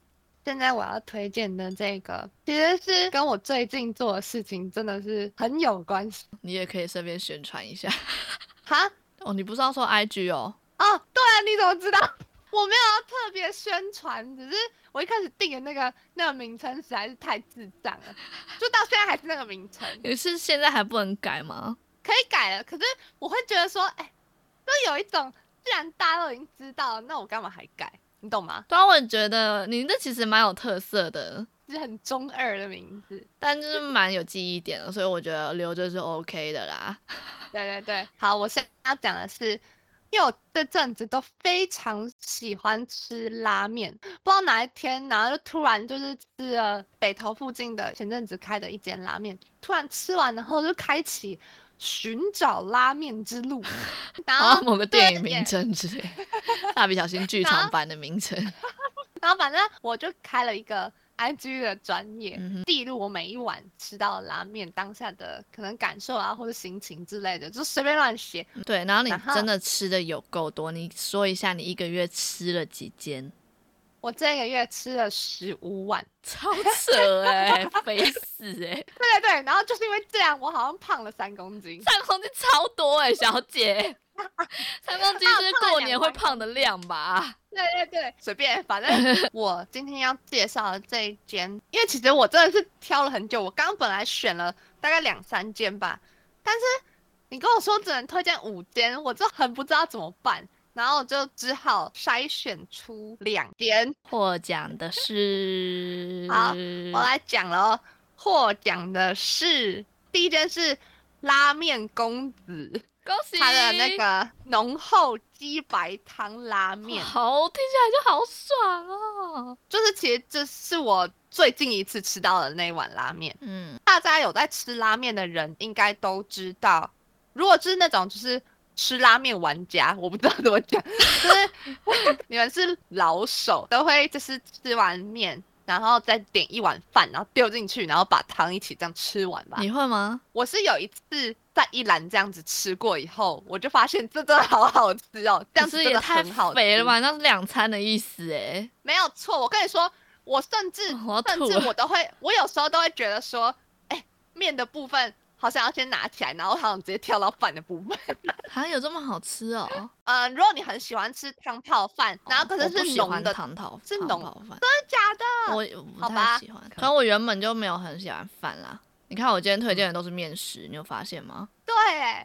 現在我要推薦的這個，其實是跟我最近做的事情真的是很有關係。你也可以順便宣傳一下。 哈，哦，你不是要說 IG 哦？哦，對啊，你怎麼知道？我沒有特別宣傳，只是我一開始定的那個那個名稱實在是太智障了，就到現在還是那個名稱。你是現在還不能改嗎？可以改了，可是我會覺得說，哎、欸，就有一種，既然大家都已經知道了，那我幹嘛還改？你懂嗎？當然，我覺得你這其實蠻有特色的，就是很中二的名字，但就是蠻有記憶點的，所以我覺得留着是 OK 的啦。 對，對對對，好，我現在要講的是。因為我這陣子都非常喜歡吃拉麵，不知道哪一天，然後就突然就是吃了北投附近的前陣子開的一間拉麵，突然吃完，然後就開啟尋找拉麵之路，然後、啊、某個電影名稱之類， 蠟筆小新劇場版的名稱， 然後反正我就開了一個。I G 的專業記錄、嗯哼、我每一碗吃到拉面當下的可能感受啊，或者心情之類的，就隨便亂寫。對，然後你真的吃的有夠多，你說一下你一個月吃了幾間。我這一個月吃了十五碗，超扯誒、欸、肥 死誒、欸、對對對，然後就是因為這樣，我好像胖了三公斤，三公斤超多哎、欸，小姐， 三公斤就是過年會胖的量吧？啊、對對對，隨便，反正 我今天要介紹的這一間，因為其實我真的是挑了很久，我剛剛本來選了大概兩三間吧，但是你跟我說只能推薦五間，我就很不知道怎麼辦。然後就只好篩選出兩間獲獎的是，好，我來講了。獲獎的是第一間是拉面公子，恭喜他的那個濃厚雞白湯拉麵，好，聽起來就好爽啊、哦！就是其實這是我最近一次吃到的那一碗拉麵。嗯，大家有在吃拉面的人應該都知道，如果是那種就是。吃拉麵玩家，我不知道怎麼講， 就是 你們是老手，都會就是吃完麵，然後再點一碗飯，然後丟進去，然後把湯一起這樣吃完吧。你會嗎？我是有一次在一蘭這樣子吃過以後，我就發現這個好好吃哦，這樣子也太好肥了吧，那兩餐的意思誒，沒有錯，我跟你說，我甚至我甚至我都會，我有時候都會覺得說，哎、欸，麵的部分。好像要先拿起來，然後好像直接跳到飯的部分。好 像有這麼好吃哦？嗯、呃，如果你很喜歡吃湯泡飯、哦，然後可能是濃是的湯泡飯，真的假的？我、我不太喜歡，可能我原本就沒有很喜歡飯啦。看你看我今天推薦的都是麵食、嗯，你有發現嗎？對，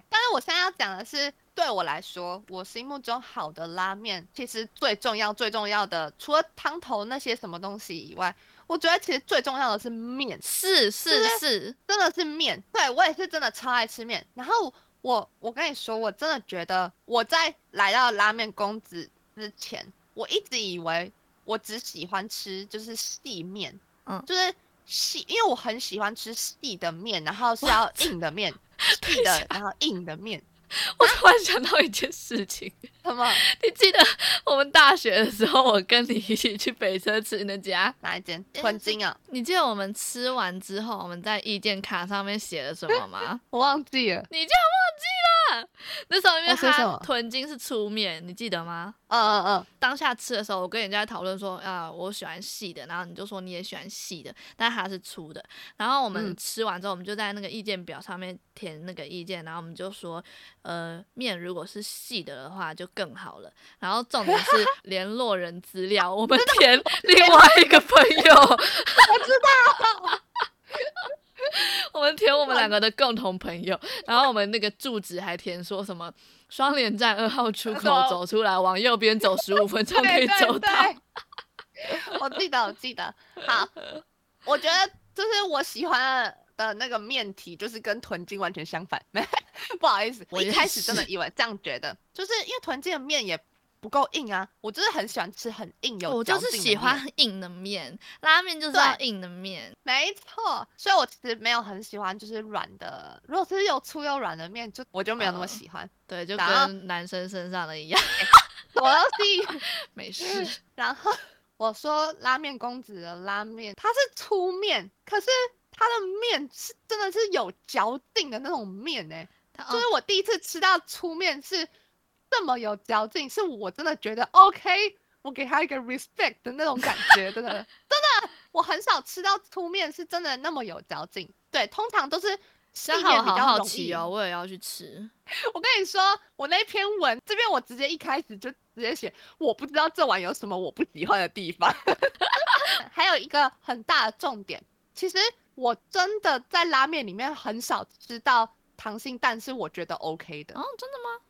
但是我現在要講的是，對我來說，我心目中好的拉麵，其實最重要、最重要的，除了湯頭那些什麼東西以外。我覺得其實最重要的是麵，是，是是是，真的是麵。對，我也是真的超愛吃麵。然後我我跟你說，我真的覺得我在來到拉麵公子之前，我一直以為我只喜歡吃就是細麵，嗯，就是細，因為我很喜歡吃細的麵，然後是要硬的麵，細的，然後硬的麵。 我突然想到一件事情，好不好？ 你記得我們大學的時候，我跟你一起去北車吃的那家哪一間環境啊？你記得我們吃完之後，我們在意見卡上面寫了什麼嗎？ 我忘記了，你就忘記了。 那時候因為他豚筋是粗麵、哦，你記得嗎、哦哦哦？當下吃的時候，我跟人家討論說啊，我喜歡細的，然後你就說你也喜歡細的，但它是粗的。然後我們吃完之後、嗯，我們就在那個意見表上面填那個意見，然後我們就說呃，麵如果是細的的話就更好了。然後重點是聯絡人資料， 我們填另外一個朋友。 我知道。 我們填，我們兩個的共同朋友，然後我們那個住址還填說什麼雙連站二號出口走出來，往右邊走十五分鐘可以走到 對對對。我記得，我記得。好，我覺得就是我喜歡的那個麵體，就是跟屯京完全相反。 不好意思，我、就是、一開始真的以為這樣覺得，就是因為屯京的麵也。不夠硬啊！我就是很喜歡吃很硬有嚼勁的麵。我就是喜歡硬的麵，拉麵就是要硬的麵。沒錯，所以，我其實沒有很喜歡就是軟的。如果是又粗又軟的麵，就我就沒有那麼喜歡、呃。對，就跟男生身上的一樣， 我要的硬戲， 沒事。然後我說拉麵公子的拉麵，他是粗麵，可是他的麵是真的是有嚼勁的那種麵誒、欸。就、嗯、是我第一次吃到粗麵是。這麼有嚼勁，是我真的覺得 OK，我給他一個 respect 的那種感覺，真的，真的，我很少吃到粗麵，是真的那麼有嚼勁。對，通常都是比較。真好，好好奇哦，我也要去吃。我跟你說，我那篇文這邊我直接一開始就直接寫，我不知道這碗有什麼我不喜歡的地方。 還有一個很大的重點，其實我真的在拉麵裡面很少吃到溏心蛋，是我覺得 OK 的。哦，真的嗎？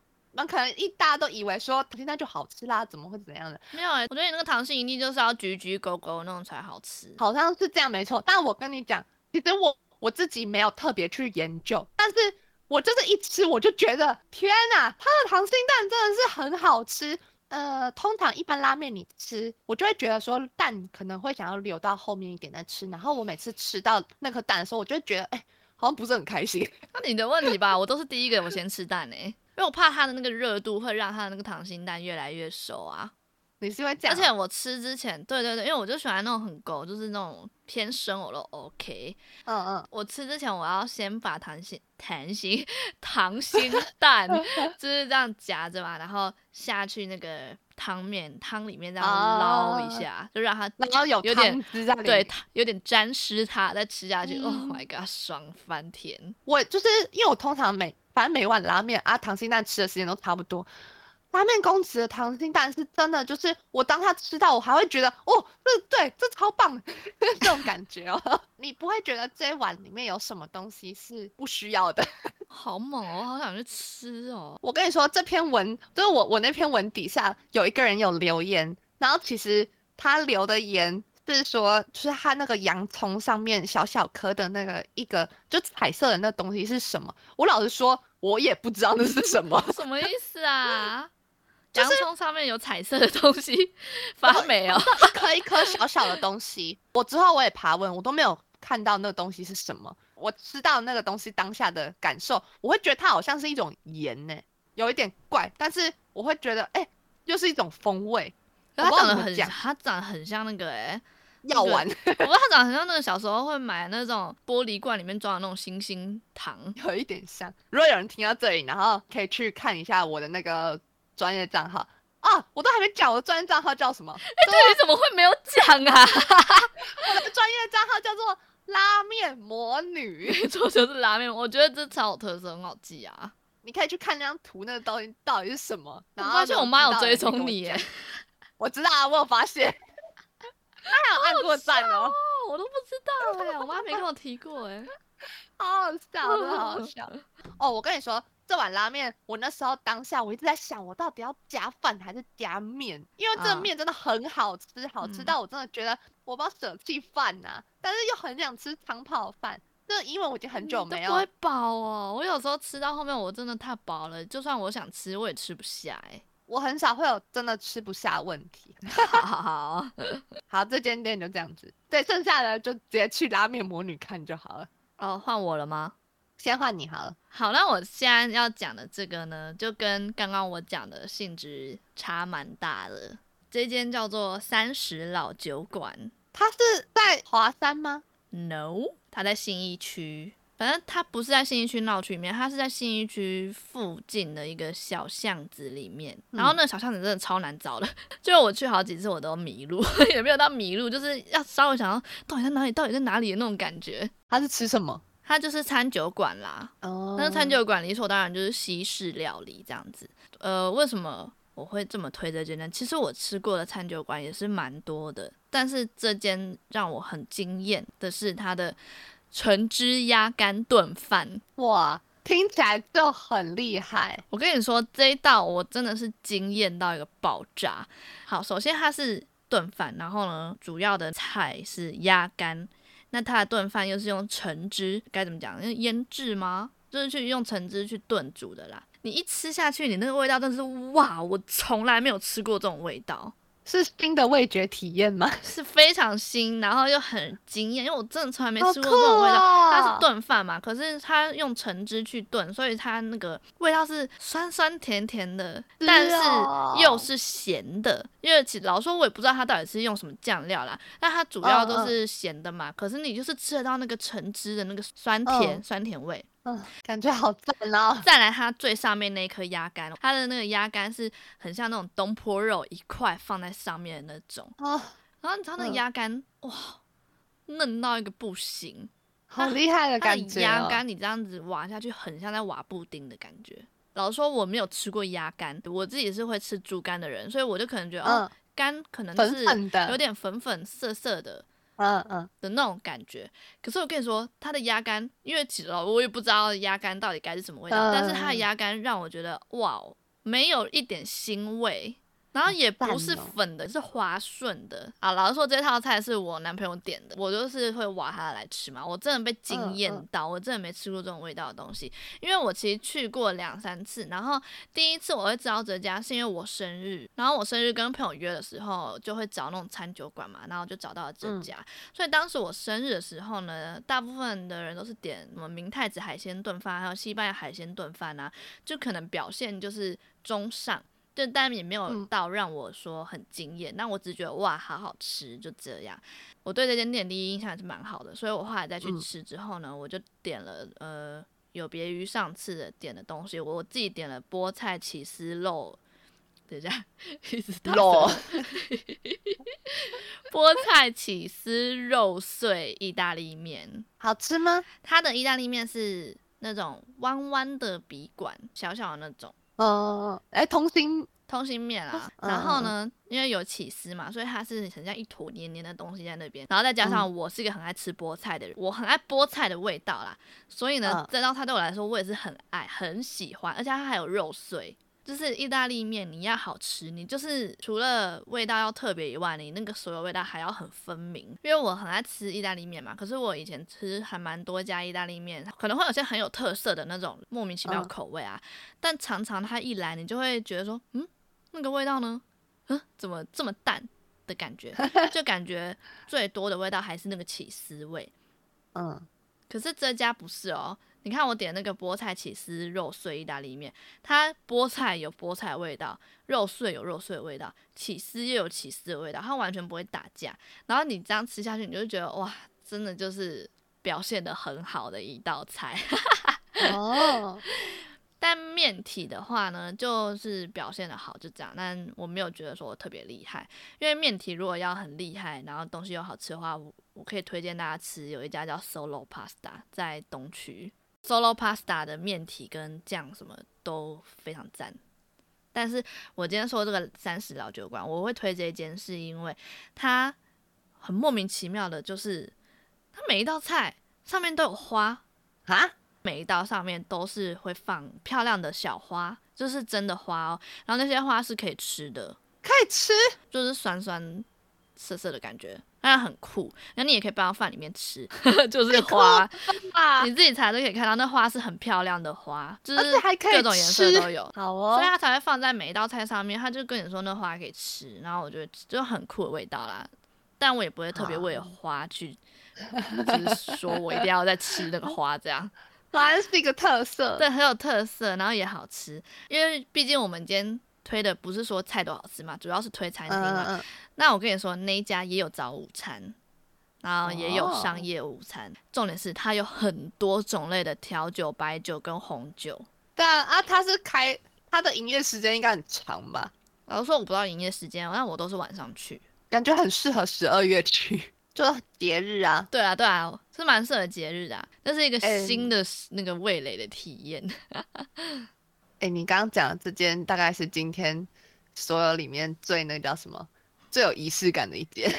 可能，一大家都以為說糖心蛋就好吃啦，怎麼會怎樣的？沒有、欸、我覺得你那個糖心一定就是要曲曲鈎鈎弄出才好吃，好像是這樣沒錯。但我跟你講，其實我我自己沒有特別去研究，但是我就是一吃我就覺得，天吶、啊，它的糖心蛋真的是很好吃。呃，通常一般拉麵你吃，我就會覺得說蛋可能會想要留到後面一點再吃，然後我每次吃到那顆蛋的時候，我就會覺得，哎、欸，好像不是很開心。 那你的問題吧，我都是第一個我先吃蛋誒、欸。因為我怕它的那個熱度會讓它的那個溏心蛋越來越熟啊，你喜歡這樣？而且我吃之前，對對對，因為我就喜歡那種很勾，就是那種偏生我都 OK。嗯嗯。我吃之前我要先把溏心溏心溏心蛋就是這樣夾着嘛， 然後下去那個湯麵湯裡面這樣撈一下，啊、就讓它然後有有點對，有點沾濕它再吃下去、嗯、，Oh my god，爽翻天！我就是因為我通常每反正每碗拉麵啊，溏心蛋吃的時間都差不多。拉麵公子的溏心蛋是真的，就是我當他吃到，我還會覺得哦，這對，對，這超棒， 這種感覺哦、喔。 你不會覺得這一碗裡面有什麼東西是不需要的？ 好猛哦、喔，好想去吃哦、喔！我跟你說，這篇文就是我我那篇文底下有一個人有留言，然後其實他留的言。就是說，就是它那個洋蔥上面小小顆的那個一個就彩色的那東西是什麼？我老實說，我也不知道那是什麼。 什麼意思啊、 就是？洋蔥上面有彩色的東西？發霉哦，一顆一顆小小的東西。 我之後我也爬文，我都沒有看到那東西是什麼。我知道那個東西當下的感受，我會覺得它好像是一種鹽呢、欸，有一點怪，但是我會覺得，哎、欸，又是一種風味。它長得很，他長得很像那個誒藥丸。是不過它 長得很像那個小時候會買那種玻璃罐裡面裝的那種星星糖，有一點像。如果有人聽到這裡，然後可以去看一下我的那個專業賬號啊，我都還沒講，我專業賬號叫什麼？這、欸、裡、就是、怎麼會沒有講啊？ 我的專業賬號叫做拉面魔女，沒 錯是拉麵。我覺得這超有特色，很好記啊。你可以去看那張圖，那個到底到底是什麼？然後我發現我媽有追蹤你耶、欸。我知道啊，我有發現，他 還有按過讚哦，我都不知道哎，我媽沒跟我提過哎， 好好笑，哦，真的好好笑。哦，我跟你說，這碗拉麵，我那時候當下我一直在想，我到底要加飯還是加面？因為這麵真的很好吃，嗯，好吃到我真的覺得我不要捨棄飯吶，但是又很想吃湯泡飯。就因為我已經很久沒有。我會飽哦，我有時候吃到後面我真的太飽了，就算我想吃我也吃不下哎，欸。我很少會有真的吃不下問題， 好，好好好， 好，這間店就這樣子，對，剩下的就直接去拉麵魔女看就好了。哦，換我了嗎？先換你好了。好，那我現在要講的這個呢，就跟剛剛我講的性質差蠻大的。這間叫做三十老酒館，它是在華山嗎？No，它在信義區。反正它不是在信義區鬧區裡面，它是在信義區附近的一個小巷子裡面。然後那個小巷子真的超難找的，就、嗯、我去好幾次我都迷路呵呵，也沒有到迷路，就是要稍微想到到底在哪裡，到底在哪裡的那種感覺。它是吃什麼？它就是餐酒館啦。哦，那餐酒館理所當然就是西式料理這樣子。呃，為什麼我會這麼推這間呢？其實我吃過的餐酒館也是蠻多的，但是這間讓我很驚豔的是它的。橙汁鴨肝燉飯，哇，聽起來就很厲害。我跟你說，這一道我真的是驚艷到一個爆炸。好，首先它是燉飯，然後呢，主要的菜是鴨肝。那它的燉飯又是用橙汁，該怎麼講？用醃製嗎？就是去用橙汁去燉煮的啦。你一吃下去，你那個味道真的是，哇，我從來沒有吃過這種味道。是新的味覺體驗嗎？是非常新，然後又很驚艷，因為我真的從來沒吃過這種味道。啊、它是燉飯嘛，可是它用橙汁去燉，所以它那個味道是酸酸甜甜的，但是又是鹹的、哦。因為老說我也不知道它到底是用什麼醬料啦，但它主要都是鹹的嘛、哦。可是你就是吃得到那個橙汁的那個酸甜、哦、酸甜味。嗯、哦，感覺好讚哦！再來它最上面那一顆鴨肝，它的那個鴨肝是很像那種東坡肉一塊放在上面的那種。哦，然後你知道那鴨肝、嗯，哇，嫩到一個不行，好厲害的感覺、哦。鴨肝你這樣子挖下去，很像在挖布丁的感覺。老實說，我沒有吃過鴨肝，我自己是會吃豬肝的人，所以我就可能覺得，嗯，肝、哦、可能是有點粉粉色色的。嗯、uh, 嗯、uh. 的那種感覺，可是我跟你說，它的鴨肝，因為其實我也不知道鴨肝到底該是什麼味道，uh. 但是它的鴨肝讓我覺得，哇，沒有一點腥味。然後也不是粉的，哦、是滑順的啊！老實說，這套菜是我男朋友點的，我就是會挖它來吃嘛。我真的被驚艷到、呃，我真的沒吃過這種味道的東西。呃、因為我其實去過兩三次，然後第一次我會知道這家是因為我生日，然後我生日跟朋友約的時候就會找那種餐酒館嘛，然後就找到了這家、嗯。所以當時我生日的時候呢，大部分的人都是點什麼明太子海鮮燉飯，還有西班牙海鮮燉飯啊，就可能表現就是中上。就但也沒有到讓我說很驚艷，但、嗯、我只覺得哇，好好吃，就這樣。我對這家店第一印象還是蠻好的，所以我後來再去吃之後呢，我就點了呃有別於上次的點的東西，我我自己點了菠菜起司肉，等一下，肉， 菠菜起司肉碎意大利麵，好吃嗎？它的意大利面是那種彎彎的筆管，小小的那種。哦，哎、欸，通心通心麵啦，然後呢、嗯，因為有起司嘛，所以它是很像一坨黏黏的東西在那邊，然後再加上我是一個很愛吃菠菜的人，嗯、我很愛菠菜的味道啦，所以呢，這道菜對我來說，我也是很愛很喜歡，而且它還有肉碎。就是意大利麵，你要好吃，你就是除了味道要特別以外，你那個所有味道還要很分明。因為我很愛吃意大利麵嘛，可是我以前吃還蠻多家意大利麵，可能會有些很有特色的那種莫名其妙口味啊。Uh. 但常常它一來，你就會覺得說，嗯，那個味道呢，嗯、啊，怎麼這麼淡的感覺？就感覺最多的味道還是那個起司味。嗯、uh.，可是這家不是哦。你看我點那個菠菜起司肉碎意大利麵，它菠菜有菠菜味道，肉碎有肉碎味道，起司又有起司的味道，它完全不會打架。然後你這樣吃下去，你就會覺得哇，真的就是表現得很好的一道菜。哦、 oh。但麵體的話呢，就是表現得好就這樣。但我沒有覺得說我特別厲害，因為麵體如果要很厲害，然後東西又好吃的話，我我可以推薦大家吃，有一家叫 Solo Pasta，在東區。Solo Pasta 的麵體跟醬什麼都非常贊，但是我今天說這個三十老酒館，我會推這一間是因為它很莫名其妙的，就是它每一道菜上面都有花啊，每一道上面都是會放漂亮的小花，就是真的花哦，然後那些花是可以吃的，可以吃，就是酸酸。澀澀的感覺，那很酷。然後你也可以拌到飯裡面吃， 就是花， 你自己查都可以看到，那花是很漂亮的花，就是各種顏色都有，好哦。所以它才會放在每一道菜上面，他就跟你說那花可以吃。然後我覺得就很酷的味道啦，但我也不會特別為花去， 就是說我一定要再吃那個花這樣。花是一個特色，對，很有特色，然後也好吃，因為畢竟我們今天推的不是說菜都好吃嘛，主要是推餐廳嘛。嗯嗯那我跟你說，那一家也有早午餐，然後也有商業午餐。Wow. 重點是它有很多種類的調酒、白酒跟紅酒。對啊，啊它是開它的營業時間應該很長吧？老實說我不知道營業時間，但我都是晚上去，感覺很適合十二月去，就節日啊。對啊，對啊，是蠻適合節日的，啊。那是一個新的那個味蕾的體驗。哎、欸 欸，你剛剛講的這間大概是今天所有裡面最那個叫什麼？最有儀式感的一間，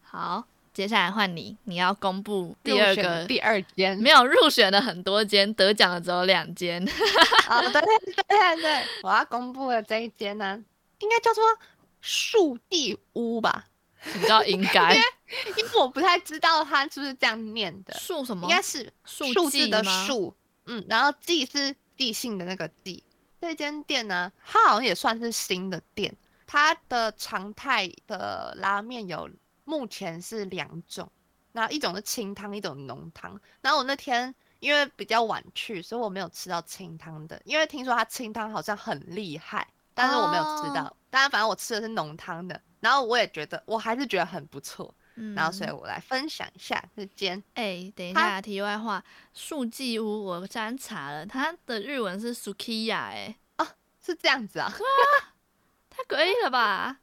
好，接下來換你，你要公布第二個第二間，沒有入選的很多間，得獎的只有兩間。對、 哦、對對對，我要公布的這一間呢，應該叫做樹地屋吧？你知道應該，因為我不太知道它是不是這樣念的，樹什麼？應該是樹字的樹，嗯，然後地是地性的那個地。這間店呢，它好像也算是新的店。它的常態的拉麵有目前是兩種，那一種是清湯，一種濃湯。然後我那天因為比較晚去，所以我沒有吃到清湯的，因為聽說它清湯好像很厲害，但是我沒有吃到。哦、但反正我吃的是濃湯的，然後我也覺得我還是覺得很不錯、嗯。然後所以我來分享一下這間。哎、就是欸，等一下，題外話，素記屋我剛查了，它的日文是 Sukiya 哎、欸哦、是這樣子啊。 可以了吧、嗯！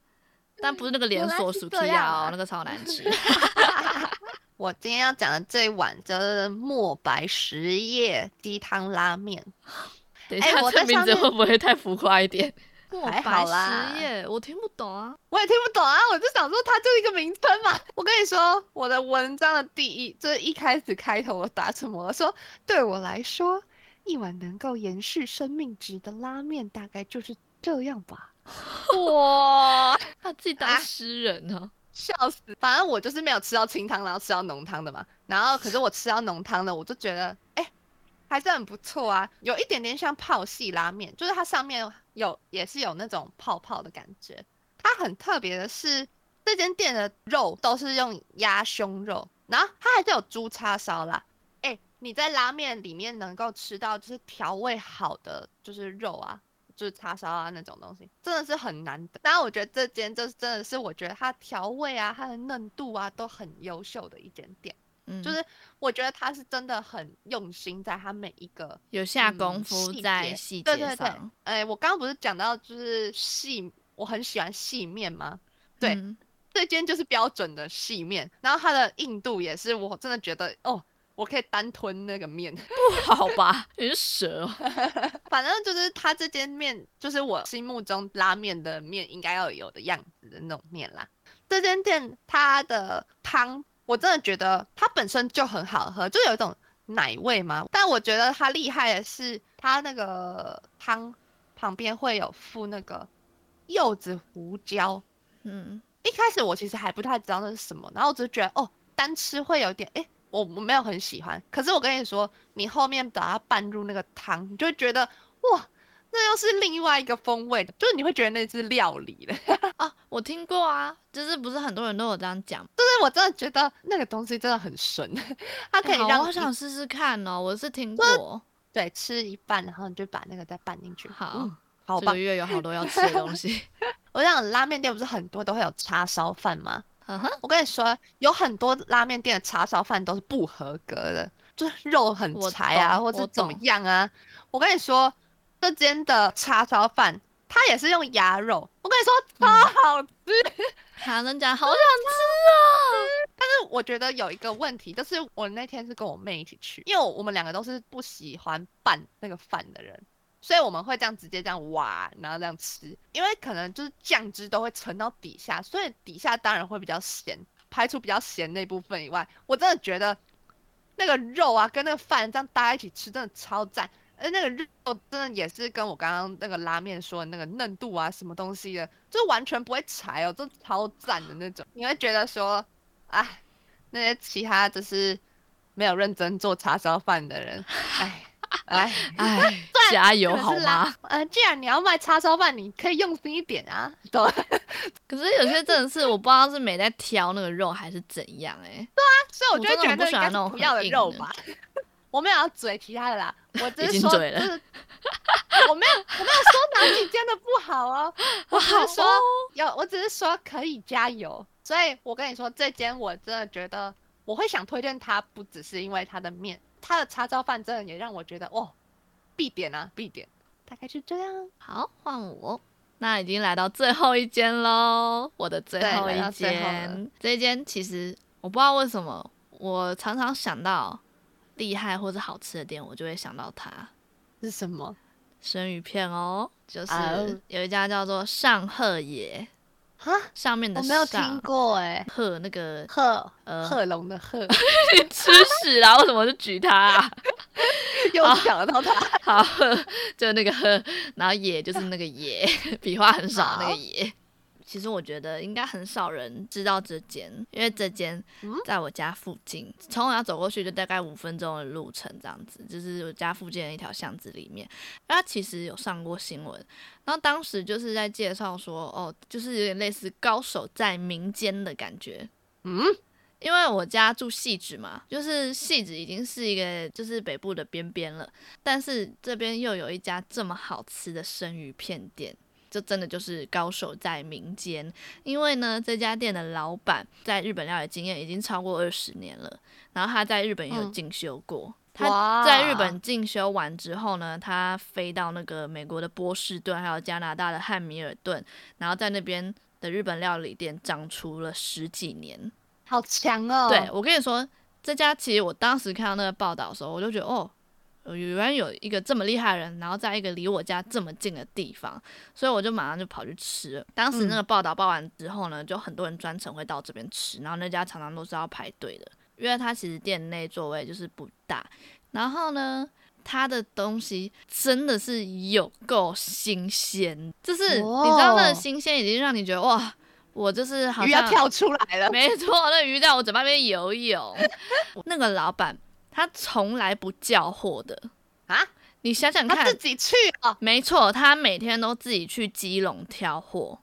但不是那個連鎖薯片哦，那個超難吃。 我今天要講的這一碗叫做墨白實業雞湯拉、欸、麵。哎，我的名字會不會太浮誇一點？墨白實業，我聽不懂啊，我也聽不懂啊。我就想說，它就是一個名稱嘛。我跟你說，我的文章的第一，就是一開始開頭我打什麼？我說，對我來說，一碗能夠延續生命值的拉麵，大概就是這樣吧。哇，他自己當詩人呢、啊啊，笑死！反正我就是沒有吃到清湯，然後吃到濃湯的嘛。然後可是我吃到濃湯的，我就覺得，哎、欸，還是很不錯啊，有一點點像泡系拉麵，就是它上面有，也是有那種泡泡的感覺。它很特別的是，這間店的肉都是用鴨胸肉，然後它還是有豬叉燒啦。哎、欸，你在拉麵裡面能夠吃到，就是調味好的，就是肉啊。就是叉燒啊那種東西，真的是很難得。但是我覺得這間就是真的是，我覺得它調味啊，它的嫩度啊，都很優秀的一間店。嗯，就是我覺得它是真的很用心，在它每一個有下功夫、嗯、在細節上。對對對，哎、嗯欸，我剛剛不是講到就是細，我很喜歡細麵嗎？對，嗯、這間就是標準的細麵，然後它的硬度也是，我真的覺得哦。我可以單吞那個麵，不 好吧？魚 是蛇， 反正就是它這間麵，就是我心目中拉麵的麵應該要有的樣子的那種麵啦。這間店它的湯，我真的覺得它本身就很好喝，就有一種奶味嘛。但我覺得它厲害的是，它那個湯旁邊會有附那個柚子胡椒。嗯，一開始我其實還不太知道那是什麼，然後我就覺得哦，單吃會有點哎。誒我我沒有很喜歡，可是我跟你說，你後面把它拌入那個湯，你就會覺得哇，那又是另外一個風味的，就是你會覺得那是料理了啊。我聽過啊，就是不是很多人都有這樣講，就是我真的覺得那個東西真的很神， 它可以讓。好，我想試試看哦。我是聽過、就是，對，吃一半，然後你就把那個再拌進去。好，嗯、好棒。這個月有好多要吃的東西。 我想拉麵店不是很多都會有叉燒飯嗎？嗯哼，我跟你說，有很多拉麵店的叉燒飯都是不合格的，就是肉很柴啊，或者怎麼樣啊。我跟你說，這間的叉燒飯，它也是用鴨肉。我跟你說，超好吃，嗯、 能講，好想吃啊！ 但是我覺得有一個問題，就是我那天是跟我妹一起去，因為我們兩個都是不喜歡拌那個飯的人。所以我們會這樣直接這樣挖，然後這樣吃，因為可能就是醬汁都會沉到底下，所以底下當然會比較鹹。排除比較鹹那部分以外，我真的覺得那個肉啊跟那個飯這樣搭在一起吃真的超讚。而、欸、那個肉真的也是跟我剛剛那個拉麵說的那個嫩度啊，什麼東西的，就是完全不會柴哦，就超讚的那種。你會覺得說，啊，那些其他就是沒有認真做叉燒飯的人，哎。來，加油啦好嗎？呃、嗯，既然你要賣叉燒飯，你可以用心一點啊。對， 可是有些真的是我不知道是沒在挑那個肉還是怎樣哎、欸。對啊，所以我就會覺得應該不要的肉吧。我，我沒有要嘴其他的啦，我只是說、就是嘴了，我沒有我沒有說哪幾間的不好哦、啊，我只是說好好、哦、有，我只是說可以加油。所以我跟你說，這間我真的覺得我會想推薦他，不只是因為他的麵。他的叉燒飯真的也讓我覺得哦，必點啊，必點，大概是這樣。好，換我。那已經來到最後一間嘍，我的最後一間。這一間其實我不知道為什麼，我常常想到厲害或者好吃的店，我就會想到它。是什麼？生魚片哦，就是有一家叫做上賀野。啊，上面的我沒有聽過哎、欸，鶴那個鶴，呃，鶴龍的鶴， 你吃屎啊？為 什麼就舉他啊？又想到他，好，好 就那個鶴，然後野就是那個野，筆 畫很少那個野。 其實我覺得應該很少人知道這間，因為這間在我家附近，從我家走過去就大概五分鐘的路程，這樣子，就是我家附近的一條巷子裡面。那其實有上過新聞，然後當時就是在介紹說，哦，就是有點類似高手在民間的感覺。嗯，因為我家住汐止嘛，就是汐止已經是一個就是北部的邊邊了，但是這邊又有一家這麼好吃的生魚片店。就真的就是高手在民間，因為呢，這家店的老闆在日本料理經驗已經超過二十年了，然後他在日本也有進修過、嗯，他在日本進修完之後呢，他飛到那個美國的波士頓，還有加拿大的漢米爾頓，然後在那邊的日本料理店掌廚了十幾年，好強哦！對，我跟你說，這家其實我當時看到那個報道的時候，我就覺得哦。有，原來有一個這麼厲害的人，然後在一個離我家這麼近的地方，所以我就馬上就跑去吃了。當時那個報道報完之後呢，嗯、就很多人專程會到這邊吃，然後那家常常都是要排隊的，因為它其實店內座位就是不大。然後呢，它的東西真的是有夠新鮮，就是、哦、你知道那個新鮮已經讓你覺得哇，我就是好像魚要跳出來了，沒錯，那魚在我嘴巴邊游泳。 那個老闆。他從來不叫貨的啊！你想想看，他自己去哦，沒錯，他每天都自己去基隆挑貨，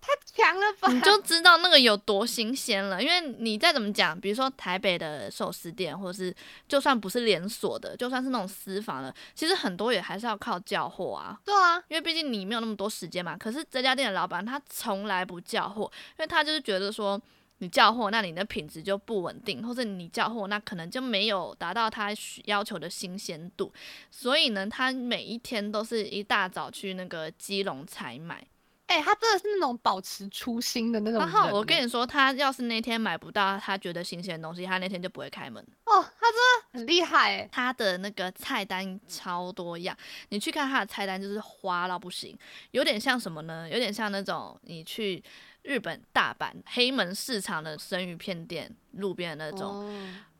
太強了吧！你就知道那個有多新鮮了。因為你再怎麼講，比如說台北的壽司店，或者是就算不是連鎖的，就算是那種私房的，其實很多也還是要靠叫貨啊。對啊，因為畢竟你沒有那麼多時間嘛。可是這家店的老闆他從來不叫貨，因為他就是覺得說。你叫貨，那你的品質就不穩定，或者你叫貨，那可能就沒有達到他要求的新鮮度。所以呢，他每一天都是一大早去那個基隆採買。誒、欸，他真的是那種保持初心的那種。然後我跟你說，他要是那天買不到他覺得新鮮的東西，他那天就不會開門。哦，他真的很厲害欸。他的那個菜單超多樣，你去看他的菜單，就是花到不行，有點像什麼呢？有點像那種你去。日本大阪黑門市場的生魚片店，路邊的那種、oh.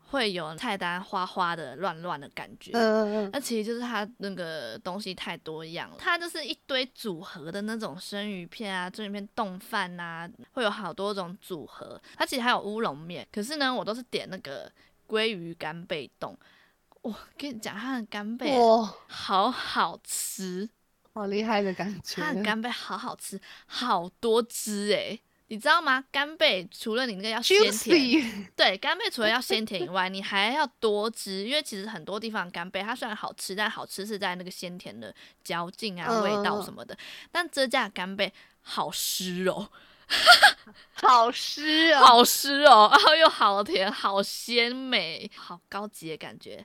會有菜單花花的亂亂的感覺，那、uh. 其實就是它那個東西太多樣，它就是一堆組合的那種生魚片啊、生魚片丼飯啊，會有好多種組合。它其實還有烏龍麵，可是呢，我都是點那個鮭魚干貝丼。我跟你講，它的干貝好好吃。好厲害的感覺！它的干貝好好吃，好多汁誒、欸。你知道嗎？干貝除了你那個要鮮甜、Juicy，對，干貝除了要鮮甜以外， 你還要多汁，因為其實很多地方干貝它雖然好吃，但好吃是在那個鮮甜的嚼勁啊、味道什麼的。Oh. 但這家的干貝好濕哦， 哦，好濕哦，好濕哦，然後又好甜，好鮮美，好高級的感覺，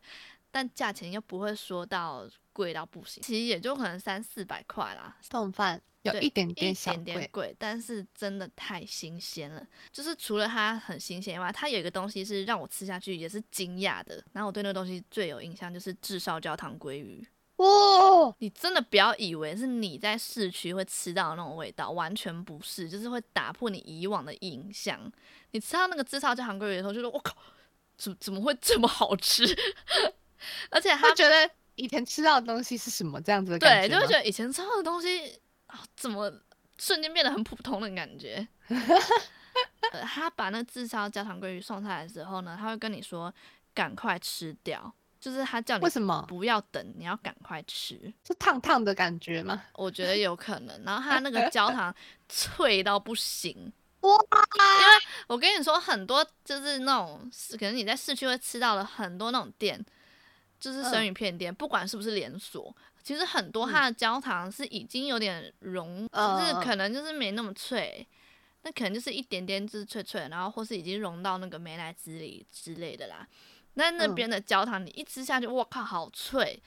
但價錢又不會說到。貴到不行，其實也就可能三四百塊啦。丼飯有一點點小貴，但是真的太新鮮了。就是除了它很新鮮以外，它有一個東西是讓我吃下去也是驚訝的。然後我對那個東西最有印象就是炙燒焦糖鮭魚。哇、哦，你真的不要以為是你在市區會吃到的那種味道，完全不是，就是會打破你以往的印象。你吃到那個炙燒焦糖鮭魚的時候，就說我靠，怎麼怎麼會這麼好吃？ 而且他覺得。以前吃到的東西是什麼這樣子的感覺？對，就會覺得以前吃到的東西、哦、怎麼瞬間變得很普通的感覺？ 呃、他把那個炙燒焦糖鮭魚送上來的時候呢，他會跟你說：“趕快吃掉！”就是他叫你為什麼不要等，你要趕快吃？是燙燙的感覺嗎？我覺得有可能。然後他那個焦糖脆到不行哇！ 因為我跟你說，很多就是那種可能你在市區會吃到了很多那種店。就是生魚片店，呃、不管是不是連鎖，其實很多它的焦糖是已經有點融，就、嗯、是可能就是沒那麼脆，呃、那可能就是一點點就是脆脆，然後或是已經融到那個美乃滋裡之類的啦。呃、那那邊的焦糖你一吃下去，我靠，好脆！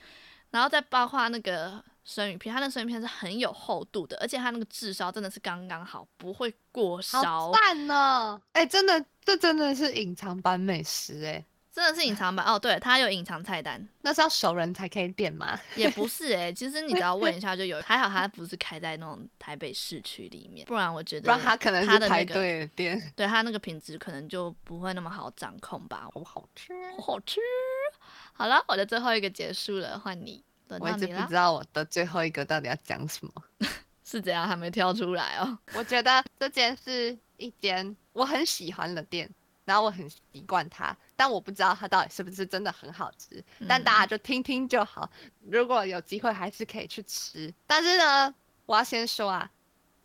然後再包括那個生魚片，它那生魚片是很有厚度的，而且它那個炙燒真的是剛剛好，不會過燒。好讚呢、哦！哎、欸，真的，這真的是隱藏版美食哎、欸。真的是隱藏版哦，對，它有隱藏菜單，那是要熟人才可以點嗎？也不是哎、欸，其實你只要問一下就有。 還好它不是開在那種台北市區裡面，不然我覺得，不然它可能它的排隊的店，對，它那個品質可能就不會那麼好掌控吧。哦、好吃、哦，好吃。好了，我的最後一個結束了，換你，你，我一直不知道我的最後一個到底要講什麼， 是怎樣還沒挑出來哦。 我覺得這間是一間我很喜歡的店，然後我很習慣它。但我不知道它到底是不是真的很好吃，嗯、但大家就聽聽就好。如果有機會，還是可以去吃。但是呢，我要先說啊，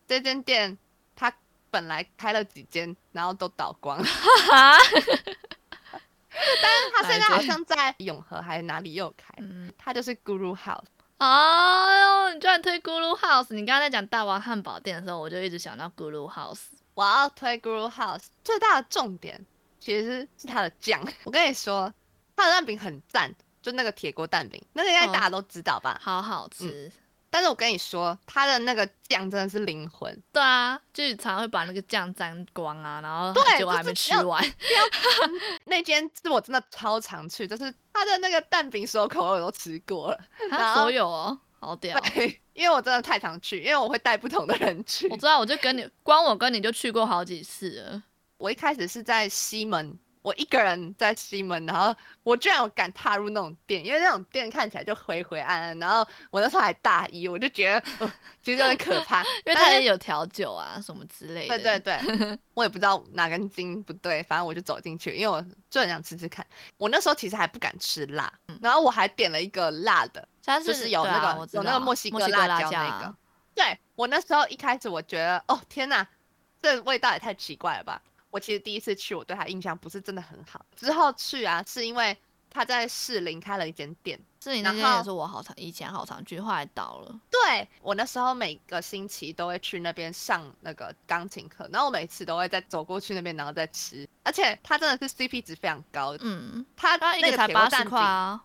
這間店它本來開了幾間，然後都倒光了。哈哈。但是它現在好像在永和還是哪裡又開、嗯，它就是 Guru House。哦，你居然推 Guru House！你剛剛在講大王漢堡店的時候，我就一直想到 Guru House。我要推 Guru House，最大的重點。其實是他的醬，我跟你說，他的蛋餅很讚，就那個鐵鍋蛋餅，那個應該大家都知道吧？哦、好好吃、嗯。但是我跟你說，他的那個醬真的是靈魂。對啊，就是常會把那個醬沾光啊，然後結果還沒吃完。 那間是我真的超常去，就是他的那個蛋餅所有口味我都吃過了，所有哦，好屌。 因為我真的太常去，因為我會帶不同的人去。我知道，我就跟你，光我跟你就去過好幾次了。我一開始是在西門，我一個人在西門，然後我居然有敢踏入那種店，因為那種店看起來就灰灰暗暗，然後我那時候還大一，我就覺得、嗯、其實有點可怕， 因為大家有調酒啊什麼之類的。對對對， 我也不知道哪根筋不對，反正我就走進去，因為我就很想吃吃看。我那時候其實還不敢吃辣，嗯、然後我還點了一個辣的，是就是有那個、啊、有那個墨西哥辣椒，墨西哥辣椒那個。啊、對我那時候一開始我覺得哦天吶，這味道也太奇怪了吧。我其實第一次去，我對他印象不是真的很好。之後去啊，是因為他在士林開了一間店。士林那間說是我好長以前好常去，後來倒了。對，我那時候每個星期都會去那邊上那個鋼琴課，然後我每次都會再走過去那邊然後再吃。而且他真的是 CP 值非常高。嗯，他那個鐵鍋蛋餅，嗯，一個才八十塊啊，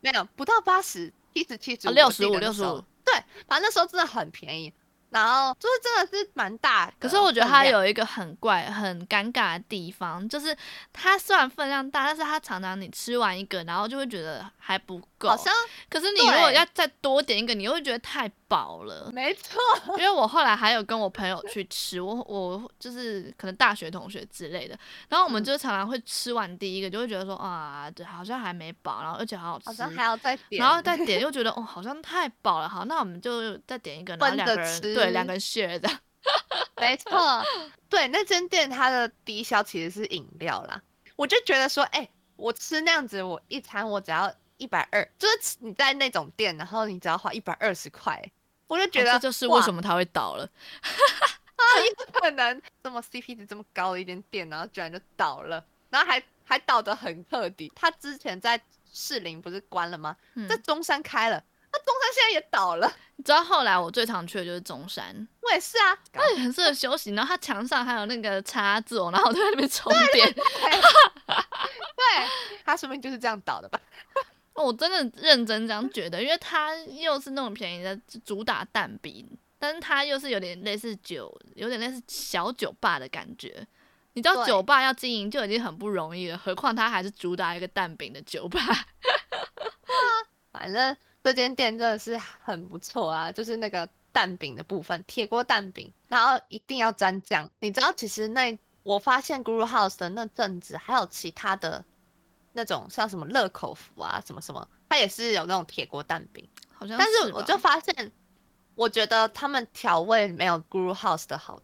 沒有不到八十，七十七十，六十五六十五。對，反正那時候真的很便宜。然後就是真的是蠻大，可是我覺得它有一個很怪、很尷尬的地方，就是它雖然分量大，但是它常常你吃完一個，然後就會覺得還不夠。好像，可是你如果要再多點一個，你又會覺得太飽了。沒錯，因為我後來還有跟我朋友去吃,我我就是可能大學同學之類的，然後我們就常常會吃完第一個，就會覺得說啊，好像還沒飽，然後而且好好吃，好像還要再點，然後再點又覺得哦，好像太飽了，好，那我們就再點一個，然後兩個人吃對，兩個人 share 的， 沒錯錯， 對那間店它的低消其實是飲料啦，我就覺得說，哎、欸，我吃那樣子，我一餐我只要。一百二就是你在那種店，然後你只要花一百二十塊，我就覺得、啊、這就是為什麼它會倒了， 啊，有可能這麼 C P 值這麼高的一間店，然後居然就倒了，然後還還倒的很徹底。他之前在士林不是關了嗎？嗯、在中山開了，那、啊、中山現在也倒了。你知道後來我最常去的就是中山，我也是啊，那裡很適合休息，然後他牆上還有那個插座、哦，然後我都在那邊充電。對，對，對， 對 他說不定就是這樣倒的吧。我真的認真這樣覺得，因為它又是那種便宜的主打蛋餅，但是它又是有點類似酒，有點類似小酒吧的感覺。你知道酒吧要經營就已經很不容易了，何況它還是主打一個蛋餅的酒吧。哇，反正這間店真的是很不錯啊，就是那個蛋餅的部分，鐵鍋蛋餅，然後一定要沾醬。你知道，其實那我發現 Guru House 的那陣子，還有其他的。那種像什麼樂口福啊，什麼什麼，它也是有那種鐵鍋蛋餅，好像。但是我就發現，我覺得他們調味沒有 Guru House 的好。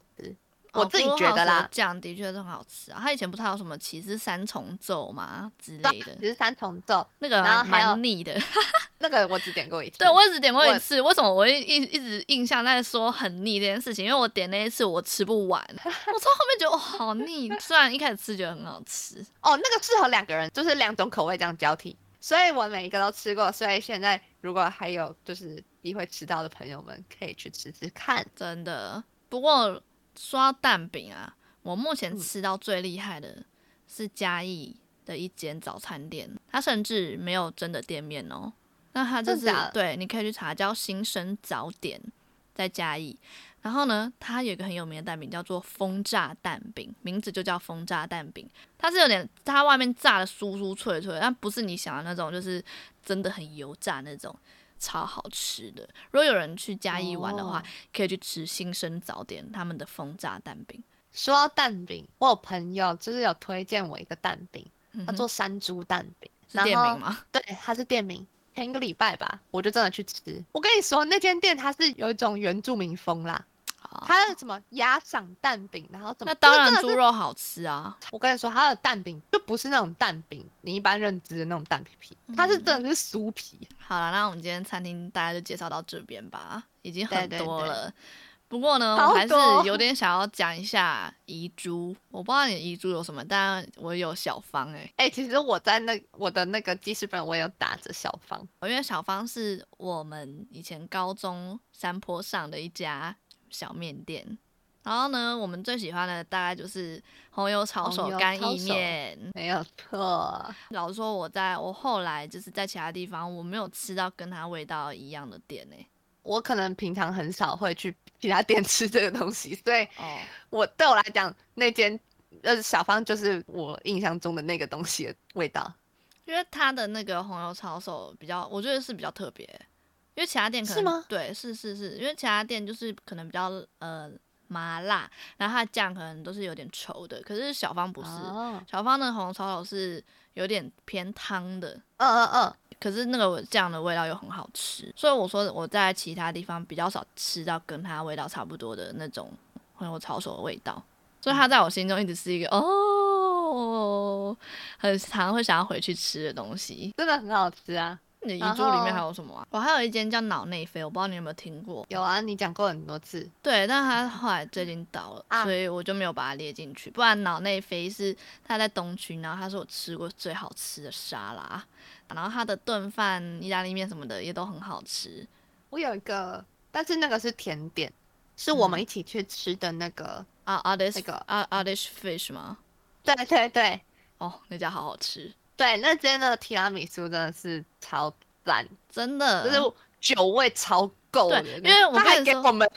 我自己覺得啦，這、哦、樣的確是很好吃啊。他以前不是還有什麼起司三重奏嘛之類的，其、啊、司三重奏那個蠻膩的。 那個我只點過一次，對我只點過一次。為什麼我一一直印象在說很膩這件事情？因為我點那一次我吃不完，我從後面覺得哦，好膩。雖然一開始吃覺得很好吃哦，那個適合兩個人，就是兩種口味這樣交替。所以我每一個都吃過，所以現在如果還有就是機會吃到的朋友們可以去吃吃看，嗯、真的。不過。刷蛋餅啊，我目前吃到最厲害的是嘉義的一間早餐店，它甚至沒有真的店面哦，那它就是對，你可以去查，叫新生早點，在嘉義。然後呢，它有一個很有名的蛋餅，叫做風炸蛋餅，名字就叫風炸蛋餅，它是有點，它外面炸的酥酥脆脆，但不是你想的那種，就是真的很油炸那種。超好吃的！如果有人去嘉義玩的話，哦、可以去吃新生早點，他們的風炸蛋餅。說到蛋餅，我有朋友就是有推薦我一個蛋餅，他做山豬蛋餅、嗯，是店名嗎？對，他是店名。前一個禮拜吧，我就真的去吃。我跟你說，那間店它是有一種原住民風啦。他有什麼鴨掌蛋餅，然後怎麼？那當然豬肉好吃啊、就是！我跟你說，它的蛋餅就不是那種蛋餅，你一般認知的那種蛋皮，皮。它是真的是酥皮。嗯、好了，那我們今天餐廳大概就介紹到這邊吧，已經很多了。對對對，不過呢，我還是有點想要講一下遺珠。我不知道你的遺珠有什麼，但我有小方、欸。哎、欸、哎，其實我在那我的那個記事本，我也有打着小方、哦，因為小方是我們以前高中山坡上的一家小麵店，然後呢，我們最喜歡的大概就是紅油抄手乾意麵，沒有錯。老實說，我在我後來就是在其他地方，我沒有吃到跟它味道一樣的店呢、欸。我可能平常很少會去其他店吃這個東西，所以哦，我對我來講，那間呃小方就是我印象中的那個東西的味道，因為它的那個紅油抄手比較，我覺得是比較特別。因為其他店可能是嗎？對，是是是，因為其他店就是可能比較呃麻辣，然後它的醬可能都是有點稠的。可是小方不是，oh. 小方的個紅油抄手是有點偏湯的，嗯嗯嗯。可是那個醬的味道又很好吃，所以我說我在其他地方比較少吃到跟它味道差不多的那種紅油抄手的味道，所以它在我心中一直是一個、嗯、哦，很常會想要回去吃的東西，真的很好吃啊。你遺珠裡面還有什麼啊？我還有一間叫腦內飛，我不知道你有沒有聽過。有啊，你講過很多次。對，但他後來最近倒了、嗯，所以我就沒有把它列進去、啊。不然腦內飛是他在東區，然後他是我吃過最好吃的沙拉，然後他的燉飯、意大利麵什麼的也都很好吃。我有一個，但是那個是甜點，是我們一起去吃的那個、嗯、啊，啊，this、這個啊，啊，this fish 嗎？對對對。哦，那家好好吃。對，那間的提拉米蘇真的是超讚，真的就是酒味超。對，因為我還給我們，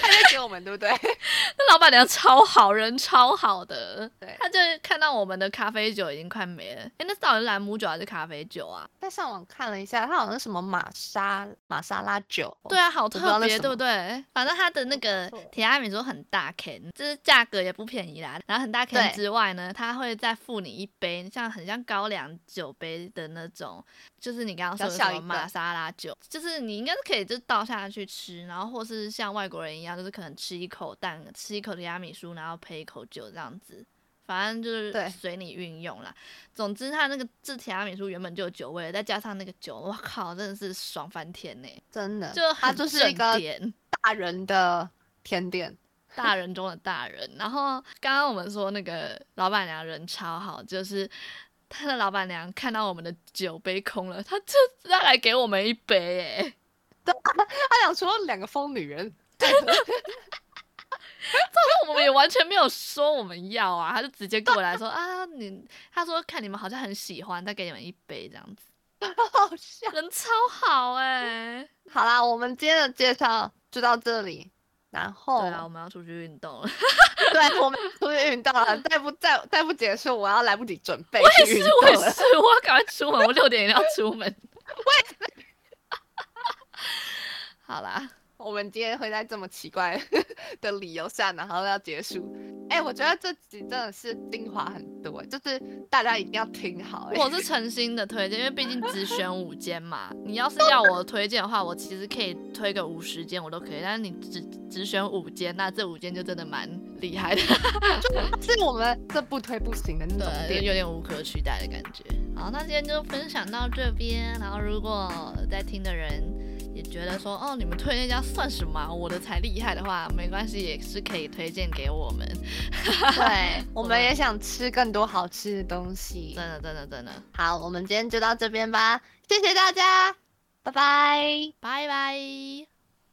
他 還給我們，對不對？ 那老闆娘超好人，超好的。對，他就看到我們的咖啡酒已經快沒了。哎，那到底是藍姆酒還是咖啡酒啊？在上網看了一下，它好像是什麼瑪莎瑪莎拉酒。對啊，好特別，對不對？反正它的那個鐵觀音說很大 can，就是價格也不便宜啦。然後很大 can 之外呢，他會再付你一杯，像很像高粱酒杯的那種。就是你剛剛說的什麼瑪莎拉拉酒，就是你應該是可以就倒下去吃，然後或是像外國人一樣，就是可能吃一口蛋，吃一口提拉米蘇，然後配一口酒這樣子，反正就是隨你運用啦。總之，它那個這提拉米蘇原本就有酒味，再加上那個酒，我靠，真的是爽翻天呢、欸！真的，就它就是一個大人的甜點，大人中的大人。 然後剛剛我們說那個老闆娘人超好，就是。他的老闆娘看到我們的酒杯空了，他就再來給我們一杯哎、欸，他、啊、他想說兩個瘋女人， 但說我們也完全沒有說我們要啊，他就直接過來說 啊，你他說看你們好像很喜歡，再給你們一杯這樣子，好笑，人超好哎、欸，好啦，我們今天的介紹就到這裡。然後，對啊，我們要出去運動了。 對，我們出去運動了。再不再再不結束，我要來不及準備去運動了。我也是，我也是，我要趕快出門。 我六點也要出門。 我也是。 好啦。我們今天會在這麼奇怪的理由下，然後要結束。哎、欸，我覺得這集真的是精華很多、欸，就是大家一定要聽好、欸。我是誠心的推薦，因為畢竟只選五間嘛。 你要是要我推薦的話，我其實可以推個五十間，我都可以。但是你只只選五間，那這五間就真的蠻厲害的， 是我們這不推不行的那種店，有點無可取代的感覺。好，那今天就分享到這邊。然後如果在聽的人。覺得說哦，你們推那家算什麼啊？我的才厲害的話，沒關係，也是可以推薦給我們。 對，我們也想吃更多好吃的東西，真的，真的，真的。好，我們今天就到這邊吧，謝謝大家，拜拜，拜拜。